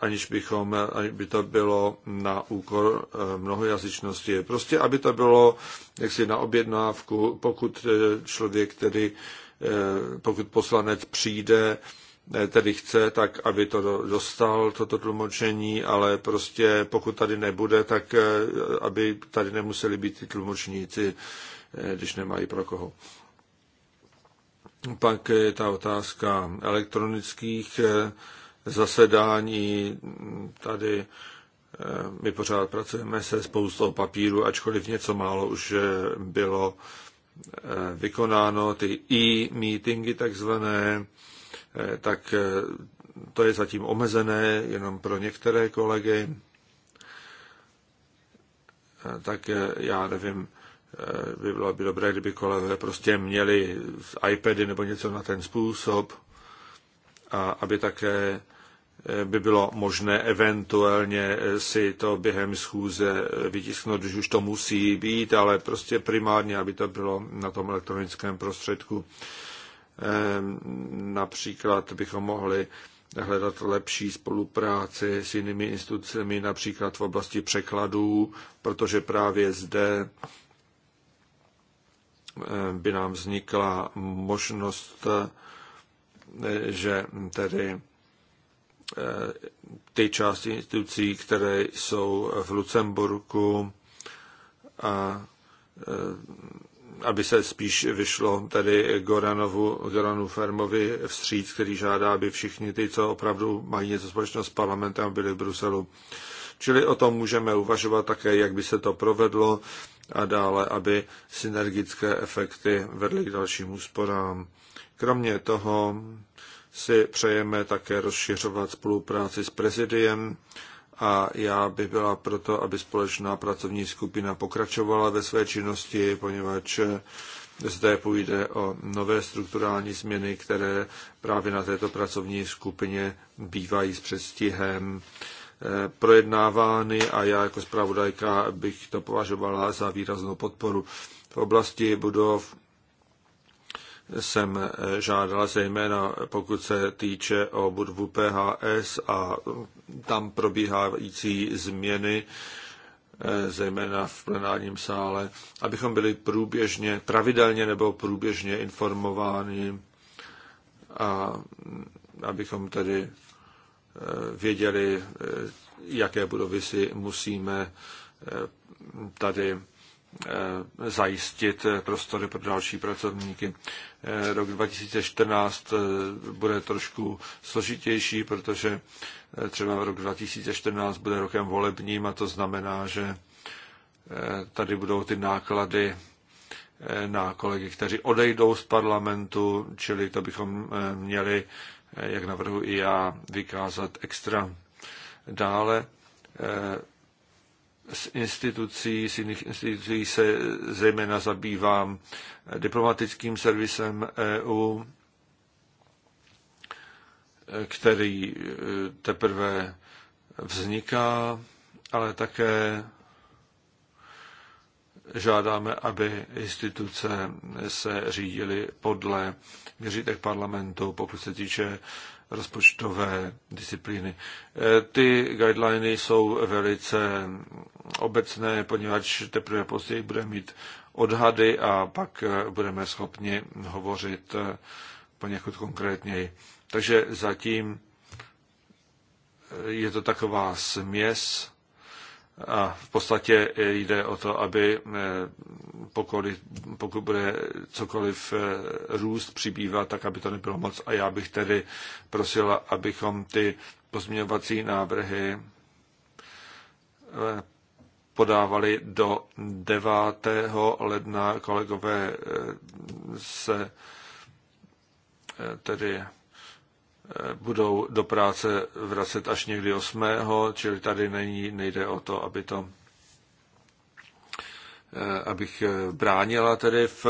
[SPEAKER 1] aniž, bychom, aniž by to bylo na úkor mnohojazyčnosti. Prostě, aby to bylo jaksi na objednávku, pokud člověk tedy, pokud poslanec přijde tedy chce, tak aby to dostal, toto tlumočení, ale prostě pokud tady nebude, tak eh, aby tady nemuseli být ty tlumočníci, eh, když nemají pro koho. Pak je ta otázka elektronických eh, zasedání. Tady my pořád pracujeme se spoustou papíru, ačkoliv něco málo už bylo vykonáno, ty e-meetingy takzvané, Eh, tak eh, to je zatím omezené jenom pro některé kolegy. Eh, tak já nevím, by bylo by dobré, kdyby kolegové prostě měli iPady nebo něco na ten způsob a aby také by bylo možné eventuálně si to během schůze vytisknout, když už to musí být, ale prostě primárně, aby to bylo na tom elektronickém prostředku. Ehm, například bychom mohli hledat lepší spolupráci s jinými institucemi, například v oblasti překladů, protože právě zde ehm, by nám vznikla možnost, eh, že tedy eh, ty části institucí, které jsou v Lucemburku a eh, aby se spíš vyšlo tady Goranovu, Goranu Fermovi vstříc, který žádá, aby všichni ty, co opravdu mají něco společného s parlamentem, byli v Bruselu. Čili o tom můžeme uvažovat také, jak by se to provedlo a dále, aby synergické efekty vedly k dalším úsporám. Kromě toho si přejeme také rozšiřovat spolupráci s prezidiem a já bych byla proto, aby společná pracovní skupina pokračovala ve své činnosti, poněvadž zde půjde o nové strukturální změny, které právě na této pracovní skupině bývají s předstihem eh, projednávány a já jako zpravodajka bych to považovala za výraznou podporu. V oblasti budov jsem žádala, zejména pokud se týče o budvu PHS a tam probíhající změny, zejména v plenárním sále, abychom byli průběžně, pravidelně nebo průběžně informováni a abychom tedy eh, věděli, eh, jaké budovy si musíme eh, tady Eh, zajistit eh, prostory pro další pracovníky. Eh, rok 2014 bude trošku složitější, protože třeba rok 2014 bude rokem volebním a to znamená, že tady budou ty náklady na kolegy, kteří odejdou z parlamentu, čili to bychom měli, jak navrhu i já, vykázat extra. Dále z institucí, z jiných institucí se zejména zabývám diplomatickým servisem EU, který e, teprve vzniká, ale také žádáme, aby instituce se řídily podle měřítek parlamentu, pokud se týče rozpočtové disciplíny. E, ty guideliny jsou velice obecné, poněvadž teprve později budeme mít odhady a pak e, budeme schopni hovořit e, poněkud konkrétněji. Takže zatím je to taková směs a v podstatě jde o to, aby eh, pokud, pokud bude cokoliv eh, růst přibývat, tak aby to nebylo moc. A já bych tedy prosila, abychom ty pozměňovací návrhy eh, podávali do 9. ledna. Kolegové se tedy budou do práce vracet až někdy 8. čili tady není, nejde o to, aby to eh, abych eh, bránila tedy v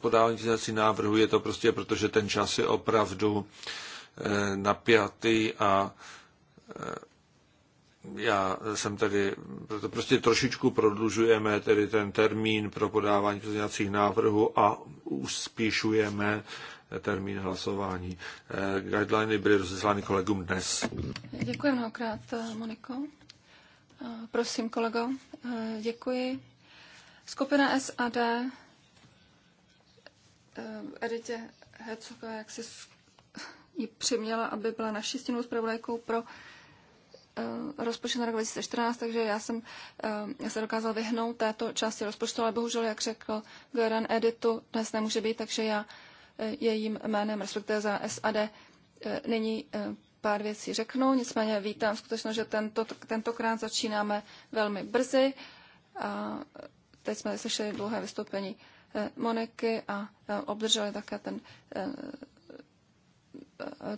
[SPEAKER 1] podávání návrhu. Je to prostě, protože ten čas je opravdu eh, napjatý a já jsem tady proto prostě trošičku prodlužujeme tedy ten termín pro podávání pozměňovacích návrhů a uspíšujeme termín hlasování. Eh, guideliny byly rozeslány kolegům dnes.
[SPEAKER 3] Děkuji mnohokrát, eh, Moniko. Eh, prosím, kolego, děkuji. Skupina SAD Editě Hercogové, jak si ji přiměla, aby byla naší stěnou zpravodajkou pro rozpočet na rok 2014, takže já jsem já se dokázal vyhnout této části rozpočtu, ale bohužel, jak řekl Göran Editu, dnes nemůže být, takže já jejím jménem, respektive za SAD, eh, nyní eh, pár věcí řeknu. Nicméně vítám skutečnost, že tento, tentokrát začínáme velmi brzy. A teď jsme slyšeli dlouhé vystoupení eh, Moniky a obdrželi také ten,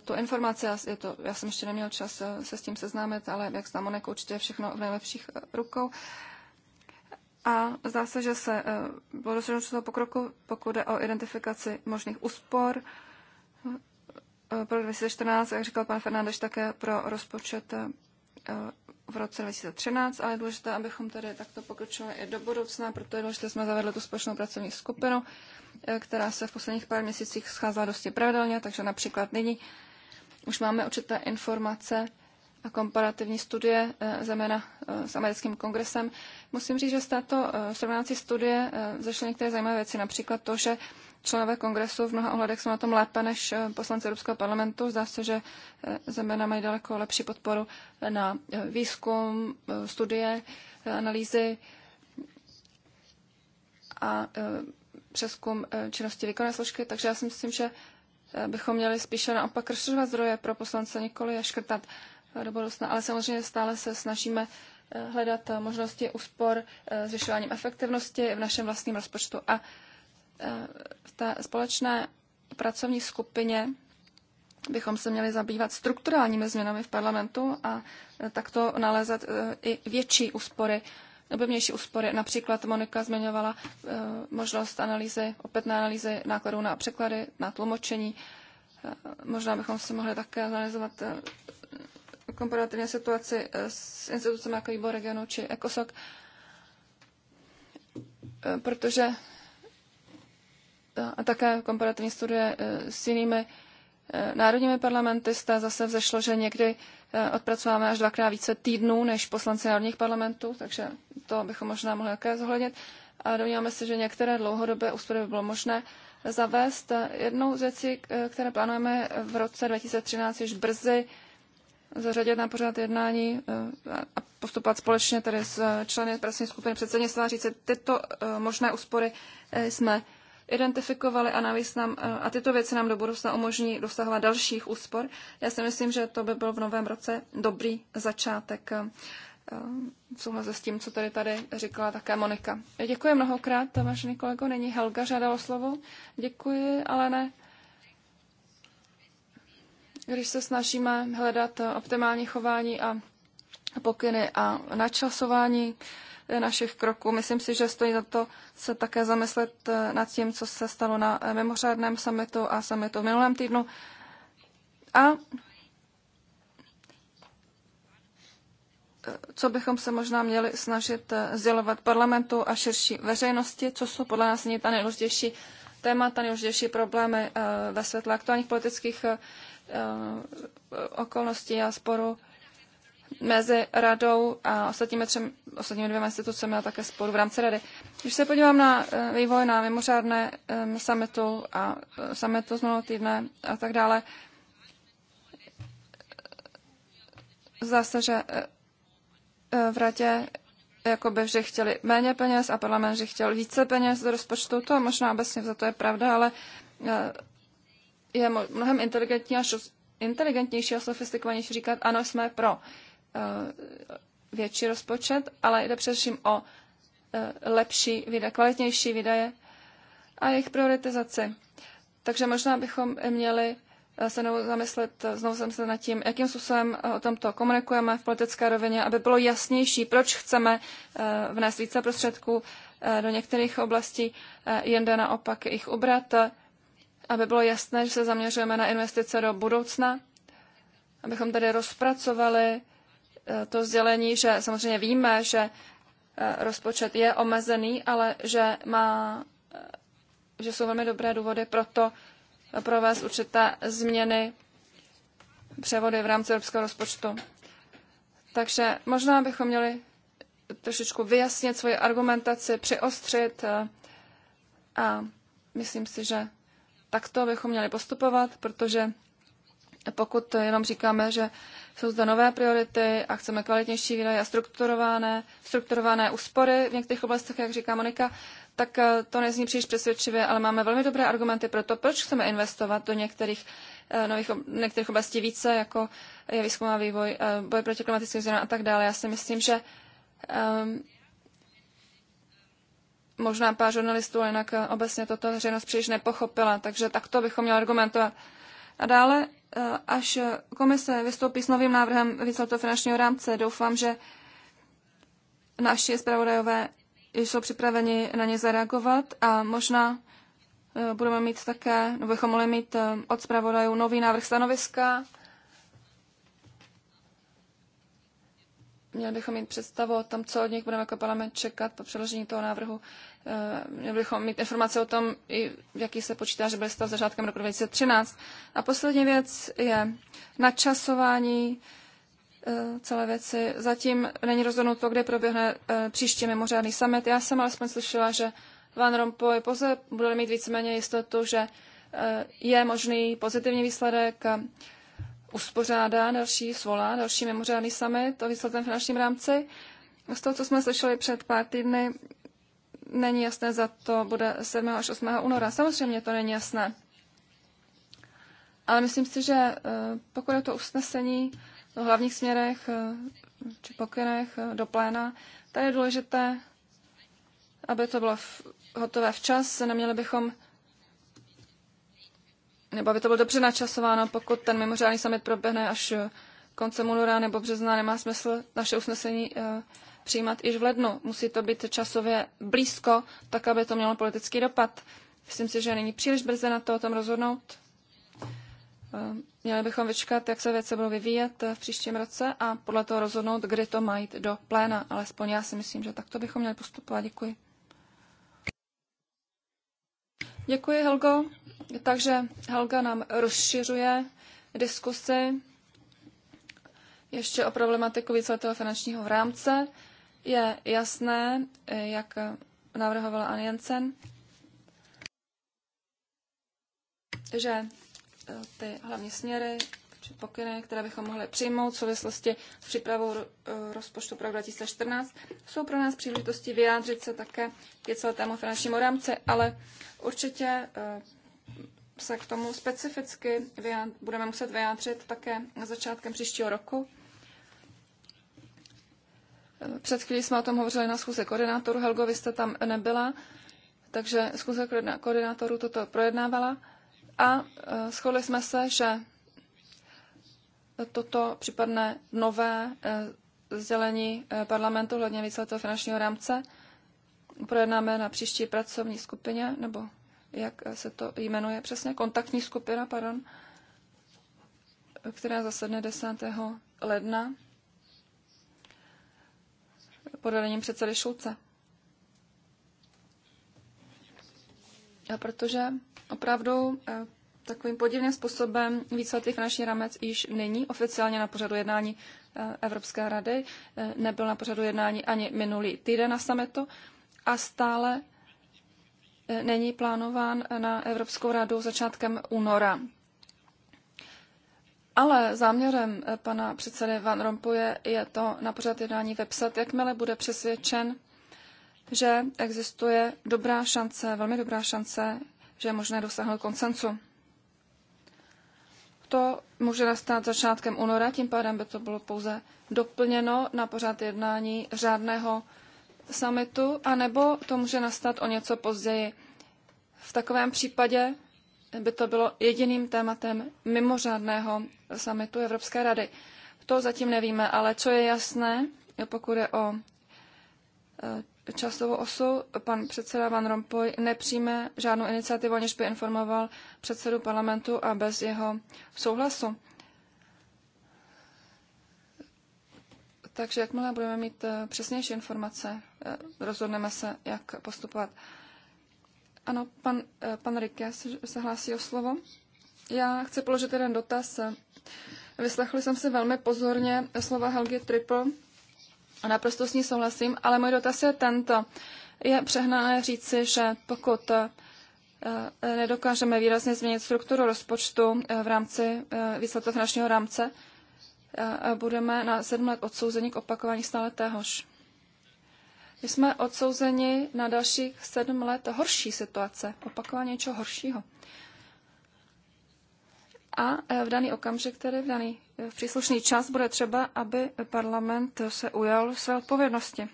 [SPEAKER 3] tu informaci. Je to, já jsem ještě neměl čas se s tím seznámit, ale jak znám Monika, určitě je všechno v nejlepších rukou. A zdá se, že se eh, bylo dosaženo pokroku, pokud jde o identifikaci možných úspor eh, pro 2014, jak říkal pan Fernández, také pro rozpočet eh, v roce 2013, ale je důležité, abychom tady takto pokročili i do budoucna, proto je důležité, jsme zavedli tu společnou pracovní skupinu, která se v posledních pár měsících scházela dosti pravidelně, takže například nyní už máme určité informace a komparativní studie, eh, zejména eh, s americkým kongresem. Musím říct, že z této eh, srovnávací studie zašly některé zajímavé věci, například to, že členové kongresu v mnoha ohledech jsou na tom lépe než poslanci Evropského parlamentu. Zdá se, že zejména mají daleko lepší podporu na výzkum, studie, analýzy a přeskum činnosti výkonné složky, takže já si myslím, že bychom měli spíše naopak rozšiřovat zdroje pro poslance, nikoli je škrtat do budoucna. Ale samozřejmě stále se snažíme eh, hledat eh, možnosti úspor eh, zvyšováním efektivnosti v našem vlastním rozpočtu. A v té společné pracovní skupině bychom se měli zabývat strukturálními změnami v parlamentu a takto nalézat i větší úspory, nebo úspory. Například Monika zmiňovala možnost analýzy, opětné analýzy nákladů na překlady, na tlumočení. Možná bychom se mohli také analyzovat komparativně situaci eh, s institucemi jako výbor regionu či ECOSOC, eh, protože eh, a také komparativní studie s jinými národními parlamenty jste zase vzešlo, že někdy odpracováme až dvakrát více týdnů než poslanci národních parlamentů, takže to bychom možná mohli také zohlednit. A domníváme se, že některé dlouhodobé úspory by bylo možné zavést. Jednou z věcí, které plánujeme v roce 2013 již brzy, zařadit na pořád jednání eh, a postupovat společně tedy s eh, členy pracovní skupiny předsednictva a říct, že tyto eh, možné úspory jsme identifikovali a navíc nám, a tyto věci nám do budoucna umožní dosahovat dalších úspor. Já si myslím, že to by byl v novém roce dobrý začátek v souhlasu s tím, co tady tady říkala také Monika. Děkuji mnohokrát, vážený kolego. Není Helga žádalo slovo. Děkuji, ale ne když se snažíme hledat eh, optimální chování a pokyny a načasování eh, našich kroků. Myslím si, že stojí za to se také zamyslet eh, nad tím, co se stalo na mimořádném summitu a summitu v minulém týdnu. A co bychom se možná měli snažit sdělovat parlamentu a širší veřejnosti, co jsou podle nás ta nejdůležitější témata, nejdůležitější problémy ve světle aktuálních politických Eh, okolností a sporu mezi radou a ostatními, třem, ostatními dvěma institucemi a také sporu v rámci rady. Když se podívám na eh, vývoj na mimořádné eh, summitu a summitu z minulého týdne a tak dále, zdá se, že v radě by vždy chtěli méně peněz a parlament, že chtěl více peněz do rozpočtu. To možná obecně za to je pravda, ale je mnohem inteligentnější a sofistikovanější říkat, ano, jsme pro eh, větší rozpočet, ale jde především o eh, lepší výdaje, kvalitnější výdaje a jejich prioritizaci. Takže možná bychom měli eh, se znovu zamyslet, znovu jsem se nad tím, jakým způsobem o tomto komunikujeme v politické rovině, aby bylo jasnější, proč chceme vnést více prostředků do některých oblastí, jinde naopak jich ubrat aby bylo jasné, že se zaměřujeme na investice do budoucna, abychom tady rozpracovali eh, to sdělení, že samozřejmě víme, že eh, rozpočet je omezený, ale že, má, eh, že jsou velmi dobré důvody pro to provést určité změny převody v rámci evropského rozpočtu. Takže možná bychom měli trošičku vyjasnit svoji argumentaci, přiostřit a myslím si, že takto bychom měli postupovat, protože pokud jenom říkáme, že jsou zde nové priority a chceme kvalitnější výdaje a strukturované, strukturované úspory v některých oblastech, jak říká Monika, tak eh, to nezní příliš přesvědčivě, ale máme velmi dobré argumenty pro to, proč chceme investovat do některých, eh, nových, některých oblastí více, jako je výzkum a vývoj, eh, boj proti klimatickým změnám a tak dále. Já si myslím, že ehm, možná pár žurnalistů, ale jinak eh, obecně toto veřejnost příliš nepochopila, takže takto bychom měli argumentovat. A dále, eh, až komise vystoupí s novým návrhem výsledku finančního rámce, doufám, že naši zpravodajové jsou připraveni na ně zareagovat a možná eh, budeme mít také, nebo bychom mohli mít od zpravodajů nový návrh stanoviska, měli bychom mít představu o tom, co od nich budeme jako parlament čekat po přeložení toho návrhu. Eh, měli bychom mít informace o tom, jaký se počítá, že bude stav začátkem roku 2013. A poslední věc je načasování eh, celé věci. Zatím není rozhodnuto, kde proběhne eh, příští mimořádný summit. Já jsem alespoň slyšela, že Van Rompuy bude mít víceméně jistotu, že je možný pozitivní výsledek uspořádá další, svolá další mimořádný summit o výsledném finančním rámci. Z toho, co jsme slyšeli před pár týdny, není jasné, za to bude 7. až 8. února. Samozřejmě to není jasné. Ale myslím si, že eh, pokud je to usnesení v hlavních směrech eh, či pokynech eh, do pléna, tady je důležité, aby to bylo hotové včas. Neměli bychom nebo aby to bylo dobře načasováno, pokud ten mimořádný summit proběhne až eh, koncem února nebo března, nemá smysl naše usnesení eh, přijímat již v lednu. Musí to být časově blízko, tak aby to mělo politický dopad. Myslím si, že není příliš brzy na to o tom rozhodnout. Eh, měli bychom vyčkat, jak se věci budou vyvíjet v příštím roce a podle toho rozhodnout, kdy to mají do pléna. Alespoň já si myslím, že takto bychom měli postupovat. Děkuji. Děkuji, Helgo. Takže Helga nám rozšiřuje diskusy ještě o problematiku víceletého finančního rámce. Je jasné, jak navrhovala Ann Jensen, že eh, ty hlavní směry či pokyny, které bychom mohli přijmout v souvislosti s přípravou eh, rozpočtu pro 2014, jsou pro nás příležitosti vyjádřit se také k celému finančnímu rámci, ale určitě eh, se k tomu specificky budeme muset vyjádřit také začátkem příštího roku. Před chvílí jsme o tom hovořili na schůze koordinátorů. Helgo, vy jste tam nebyla, takže schůze koordinátorů toto projednávala a e, shodli jsme se, že toto případné nové e, sdělení e, parlamentu hledně víceletého finančního rámce projednáme na příští pracovní skupině, nebo jak se to jmenuje přesně, kontaktní skupina, pardon, která zasedne 10. ledna pod vedením předsedy Šulce. A protože opravdu eh, takovým podivným způsobem víceletý finanční rámec již není oficiálně na pořadu jednání eh, Evropské rady, eh, nebyl na pořadu jednání ani minulý týden na sametu a stále není plánován na Evropskou radu začátkem února. Ale záměrem pana předsedy Van Rompuje je to na pořad jednání vepsat, jakmile bude přesvědčen, že existuje dobrá šance, velmi dobrá šance, že je možné dosáhnout koncensu. To může nastat začátkem února, tím pádem by to bylo pouze doplněno na pořad jednání řádného summitu, anebo to může nastat o něco později. V takovém případě by to bylo jediným tématem mimořádného summitu Evropské rady. To zatím nevíme, ale co je jasné, pokud je o e, časovou osu, pan předseda Van Rompuy nepřijme žádnou iniciativu, aniž by informoval předsedu parlamentu a bez jeho souhlasu. Takže jakmile budeme mít eh, přesnější informace, eh, rozhodneme se, jak postupovat. Ano, pan, eh, pan Rike se hlásí o slovo. Já chci položit jeden dotaz. Vyslechl jsem si velmi pozorně slova Helgi Triple a naprosto s ní souhlasím, ale můj dotaz je tento. Je přehnané říci, že pokud nedokážeme výrazně změnit strukturu rozpočtu v rámci výsledku finančního rámce, budeme na sedm let odsouzeni k opakování stále téhož. My jsme odsouzeni na dalších sedm let horší situace, opakování něčeho horšího. A e, v daný okamžik, tedy v daný v e, příslušný čas, bude třeba, aby parlament se ujal své odpovědnosti.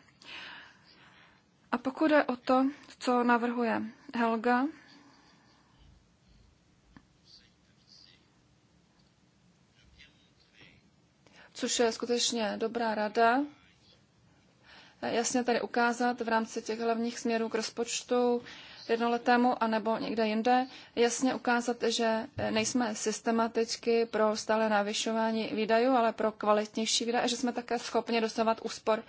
[SPEAKER 3] A pokud je o to, co navrhuje Helga, což je skutečně dobrá rada. Eh, jasně tady ukázat v rámci těch hlavních směrů k rozpočtu jednoletému a nebo někde jinde, jasně ukázat, že eh, nejsme systematicky pro stále navyšování výdajů, ale pro kvalitnější výdaje, že jsme také schopni dosávat úspor.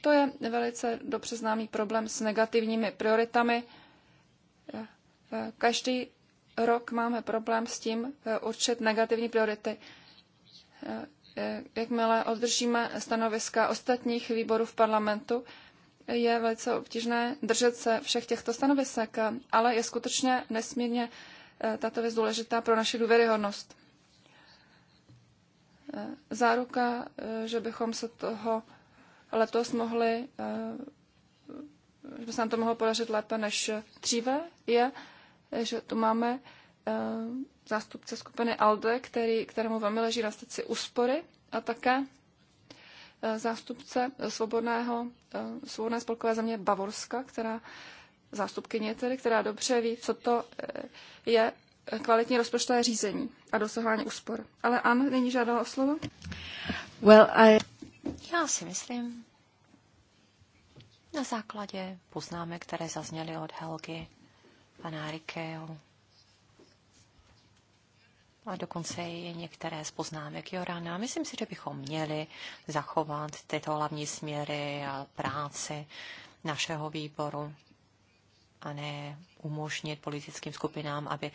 [SPEAKER 3] To je velice dobře známý problém s negativními prioritami. Eh, každý rok máme problém s tím určit negativní priority jakmile obdržíme stanoviska ostatních výborů v parlamentu, je velice obtížné držet se všech těchto stanovisek, ale je skutečně nesmírně eh, tato věc důležitá pro naši důvěryhodnost. Eh, záruka, eh, že bychom se toho letos mohli, že by se nám to mohlo podařit lépe než dříve, je, že tu máme Eh, zástupce skupiny ALDE, který, kterému velmi leží na stěci úspory a také eh, zástupce svobodného, eh, svobodné spolkové země Bavorska, která zástupkyně tedy, která dobře ví, co to je kvalitní rozpočtové řízení a dosahování úspor. Ale Ann není žádala o slovo.
[SPEAKER 2] Well, I... Já si myslím, na základě poznámek, které zazněly od Helgy, pana Rikého, a dokonce i některé z poznámek Jorana. Myslím si, že bychom měli zachovat tyto hlavní směry a práci našeho výboru a ne umožnit politickým skupinám, aby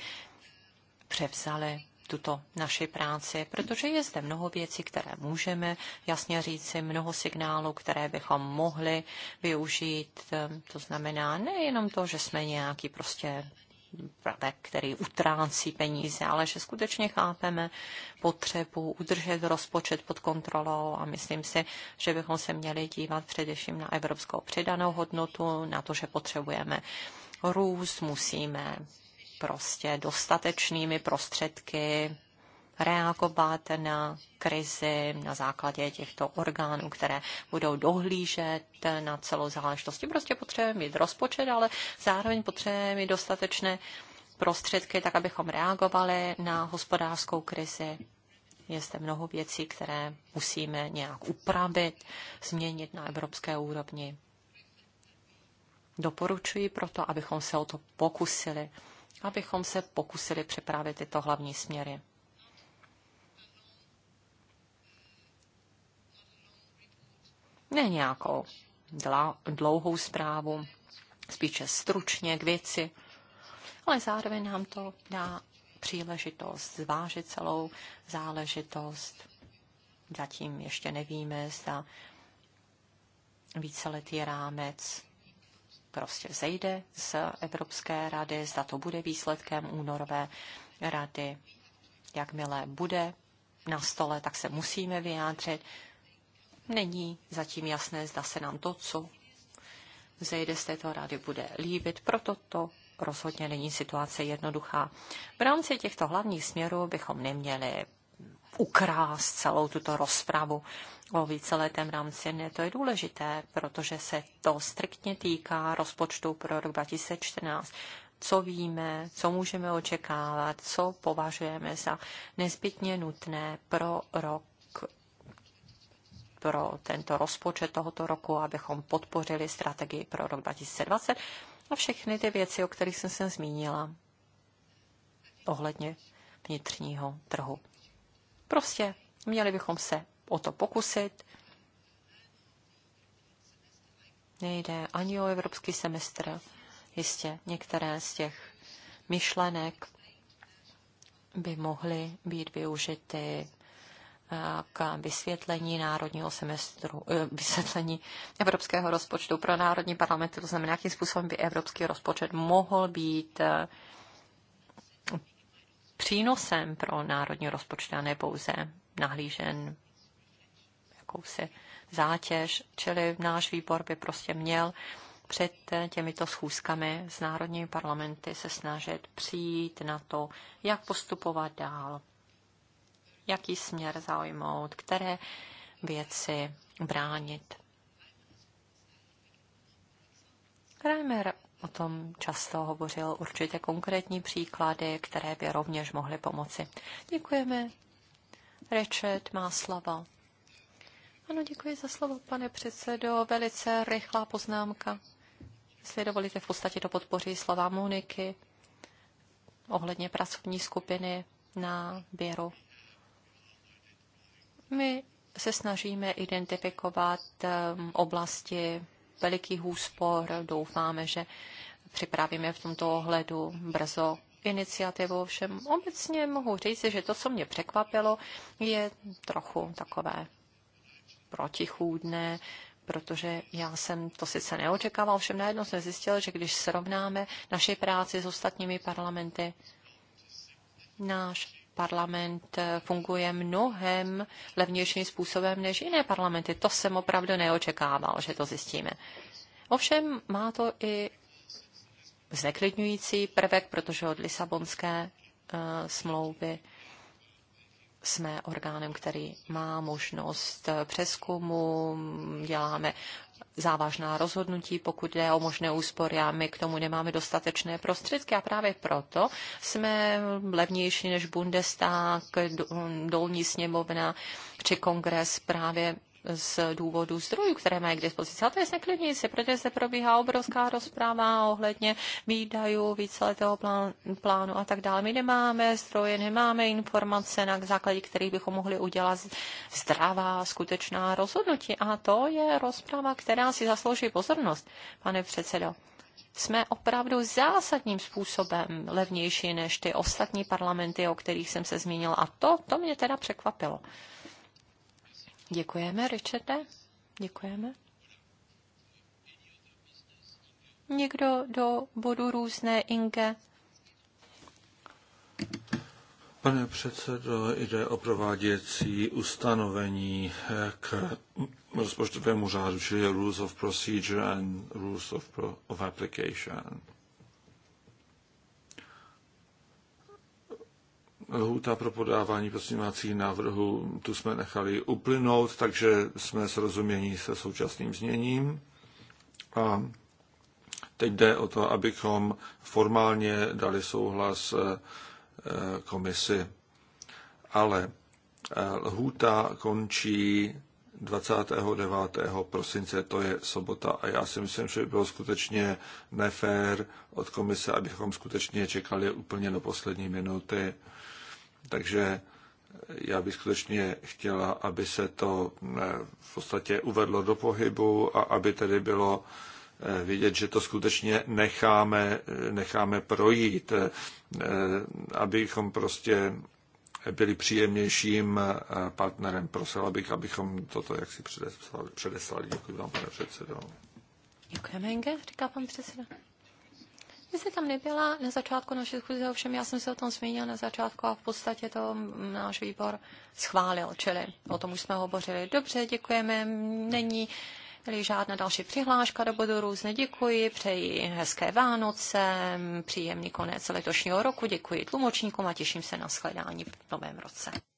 [SPEAKER 2] převzali tuto naši práci, protože je zde mnoho věcí, které můžeme jasně říci, mnoho signálů, které bychom mohli využít. To znamená nejenom to, že jsme nějaký prostě prvek, který utrácí peníze, ale že skutečně chápeme potřebu udržet rozpočet pod kontrolou a myslím si, že bychom se měli dívat především na evropskou přidanou hodnotu, na to, že potřebujeme růst, musíme prostě dostatečnými prostředky reagovat na krizi na základě těchto orgánů, které budou dohlížet na celou záležitost. Prostě potřebujeme mít rozpočet, ale zároveň potřebujeme mít dostatečné prostředky, tak abychom reagovali na hospodářskou krizi. Je zde mnoho věcí, které musíme nějak upravit, změnit na evropské úrovni. Doporučuji proto, abychom se o to pokusili, abychom se pokusili připravit tyto hlavní směry. ne nějakou dlouhou zprávu, spíše stručně k věci, ale zároveň nám to dá příležitost zvážit celou záležitost. Zatím ještě nevíme, zda víceletý rámec prostě zejde z Evropské rady, zda to bude výsledkem únorové rady. Jakmile bude na stole, tak se musíme vyjádřit. Není zatím jasné, zda se nám to, co zejde z této rady, bude líbit, proto to rozhodně není situace jednoduchá. V rámci těchto hlavních směrů bychom neměli ukrást celou tuto rozpravu o víceletém rámci. Ne, to je důležité, protože se to striktně týká rozpočtu pro rok 2014. Co víme, co můžeme očekávat, co považujeme za nezbytně nutné pro rok pro tento rozpočet tohoto roku, abychom podpořili strategii pro rok 2020 a všechny ty věci, o kterých jsem se zmínila ohledně vnitřního trhu. Prostě měli bychom se o to pokusit. Nejde ani o evropský semestr. Jistě některé z těch myšlenek by mohly být využity k vysvětlení národního semestru, eh, vysvětlení evropského rozpočtu pro národní parlamenty, to znamená, jakým způsobem by evropský rozpočet mohl být eh, přínosem pro národní rozpočty a ne pouze nahlížen jakousi zátěž, čili náš výbor by prostě měl před těmito schůzkami s národními parlamenty se snažit přijít na to, jak postupovat dál jaký směr zaujmout, které věci bránit. Kramer o tom často hovořil určitě konkrétní příklady, které by rovněž mohly pomoci. Děkujeme. Richard má slova. Ano, děkuji za slovo, pane předsedo. Velice rychlá poznámka. Jestli dovolíte, v podstatě to podpoří slova Moniky ohledně pracovní skupiny na Běru my se snažíme identifikovat ehm, oblasti velikých úspor. Doufáme, že připravíme v tomto ohledu brzo iniciativu. Všem obecně mohu říct, že to, co mě překvapilo, je trochu takové protichůdné, protože já jsem to sice neočekával, všem najednou jsem zjistil, že když srovnáme naši práci s ostatními parlamenty, náš parlament eh, funguje mnohem levnějším způsobem než jiné parlamenty. To jsem opravdu neočekával, že to zjistíme. Ovšem má to i zneklidňující prvek, protože od Lisabonské uh, smlouvy jsme orgánem, který má možnost eh, přeskumu, děláme závažná rozhodnutí, pokud jde o možné úspory a my k tomu nemáme dostatečné prostředky a právě proto jsme levnější než Bundestag, dolní sněmovna či kongres právě z důvodu zdrojů, které mají k dispozici. A to je zneklidňující, protože se probíhá obrovská rozpráva ohledně výdajů, víceletého plán, plánu a tak dále. My nemáme zdroje, nemáme informace, na základě kterých bychom mohli udělat zdravá, skutečná rozhodnutí. A to je rozpráva, která si zaslouží pozornost, pane předsedo jsme opravdu zásadním způsobem levnější než ty ostatní parlamenty, o kterých jsem se zmínil. A to, to mě teda překvapilo. Děkujeme, Richarde. Děkujeme. Někdo do bodu různé Inge?
[SPEAKER 1] Pane předsedo, jde o prováděcí ustanovení k rozpočtovému řádu, čili Rules of Procedure and Rules of, pro, of Application. lhůta pro podávání pozměňovacích návrhů, tu jsme nechali uplynout, takže jsme srozumění se současným zněním. A teď jde o to, abychom formálně dali souhlas eh, komisi. Ale eh, lhůta končí 29. prosince, to je sobota. A já si myslím, že by bylo skutečně nefér od komise, abychom skutečně čekali úplně do poslední minuty. Takže já bych skutečně chtěla, aby se to eh, v podstatě uvedlo do pohybu a aby tedy bylo eh, vidět, že to skutečně necháme, eh, necháme projít, abychom prostě byli příjemnějším partnerem. Prosila bych, abychom toto jaksi předeslali. Děkuji vám, pane předsedo.
[SPEAKER 2] Děkujeme, Inge, říká pan předseda. Vy jste tam nebyla na začátku naše schůze, ovšem já jsem se o tom zmínil na začátku a v podstatě to náš výbor schválil, čili o tom už jsme hovořili. Dobře, děkujeme, není žádná další přihláška do bodu různé. Děkuji, přeji hezké Vánoce, příjemný konec letošního roku, děkuji tlumočníkům a těším se na shledání v novém roce.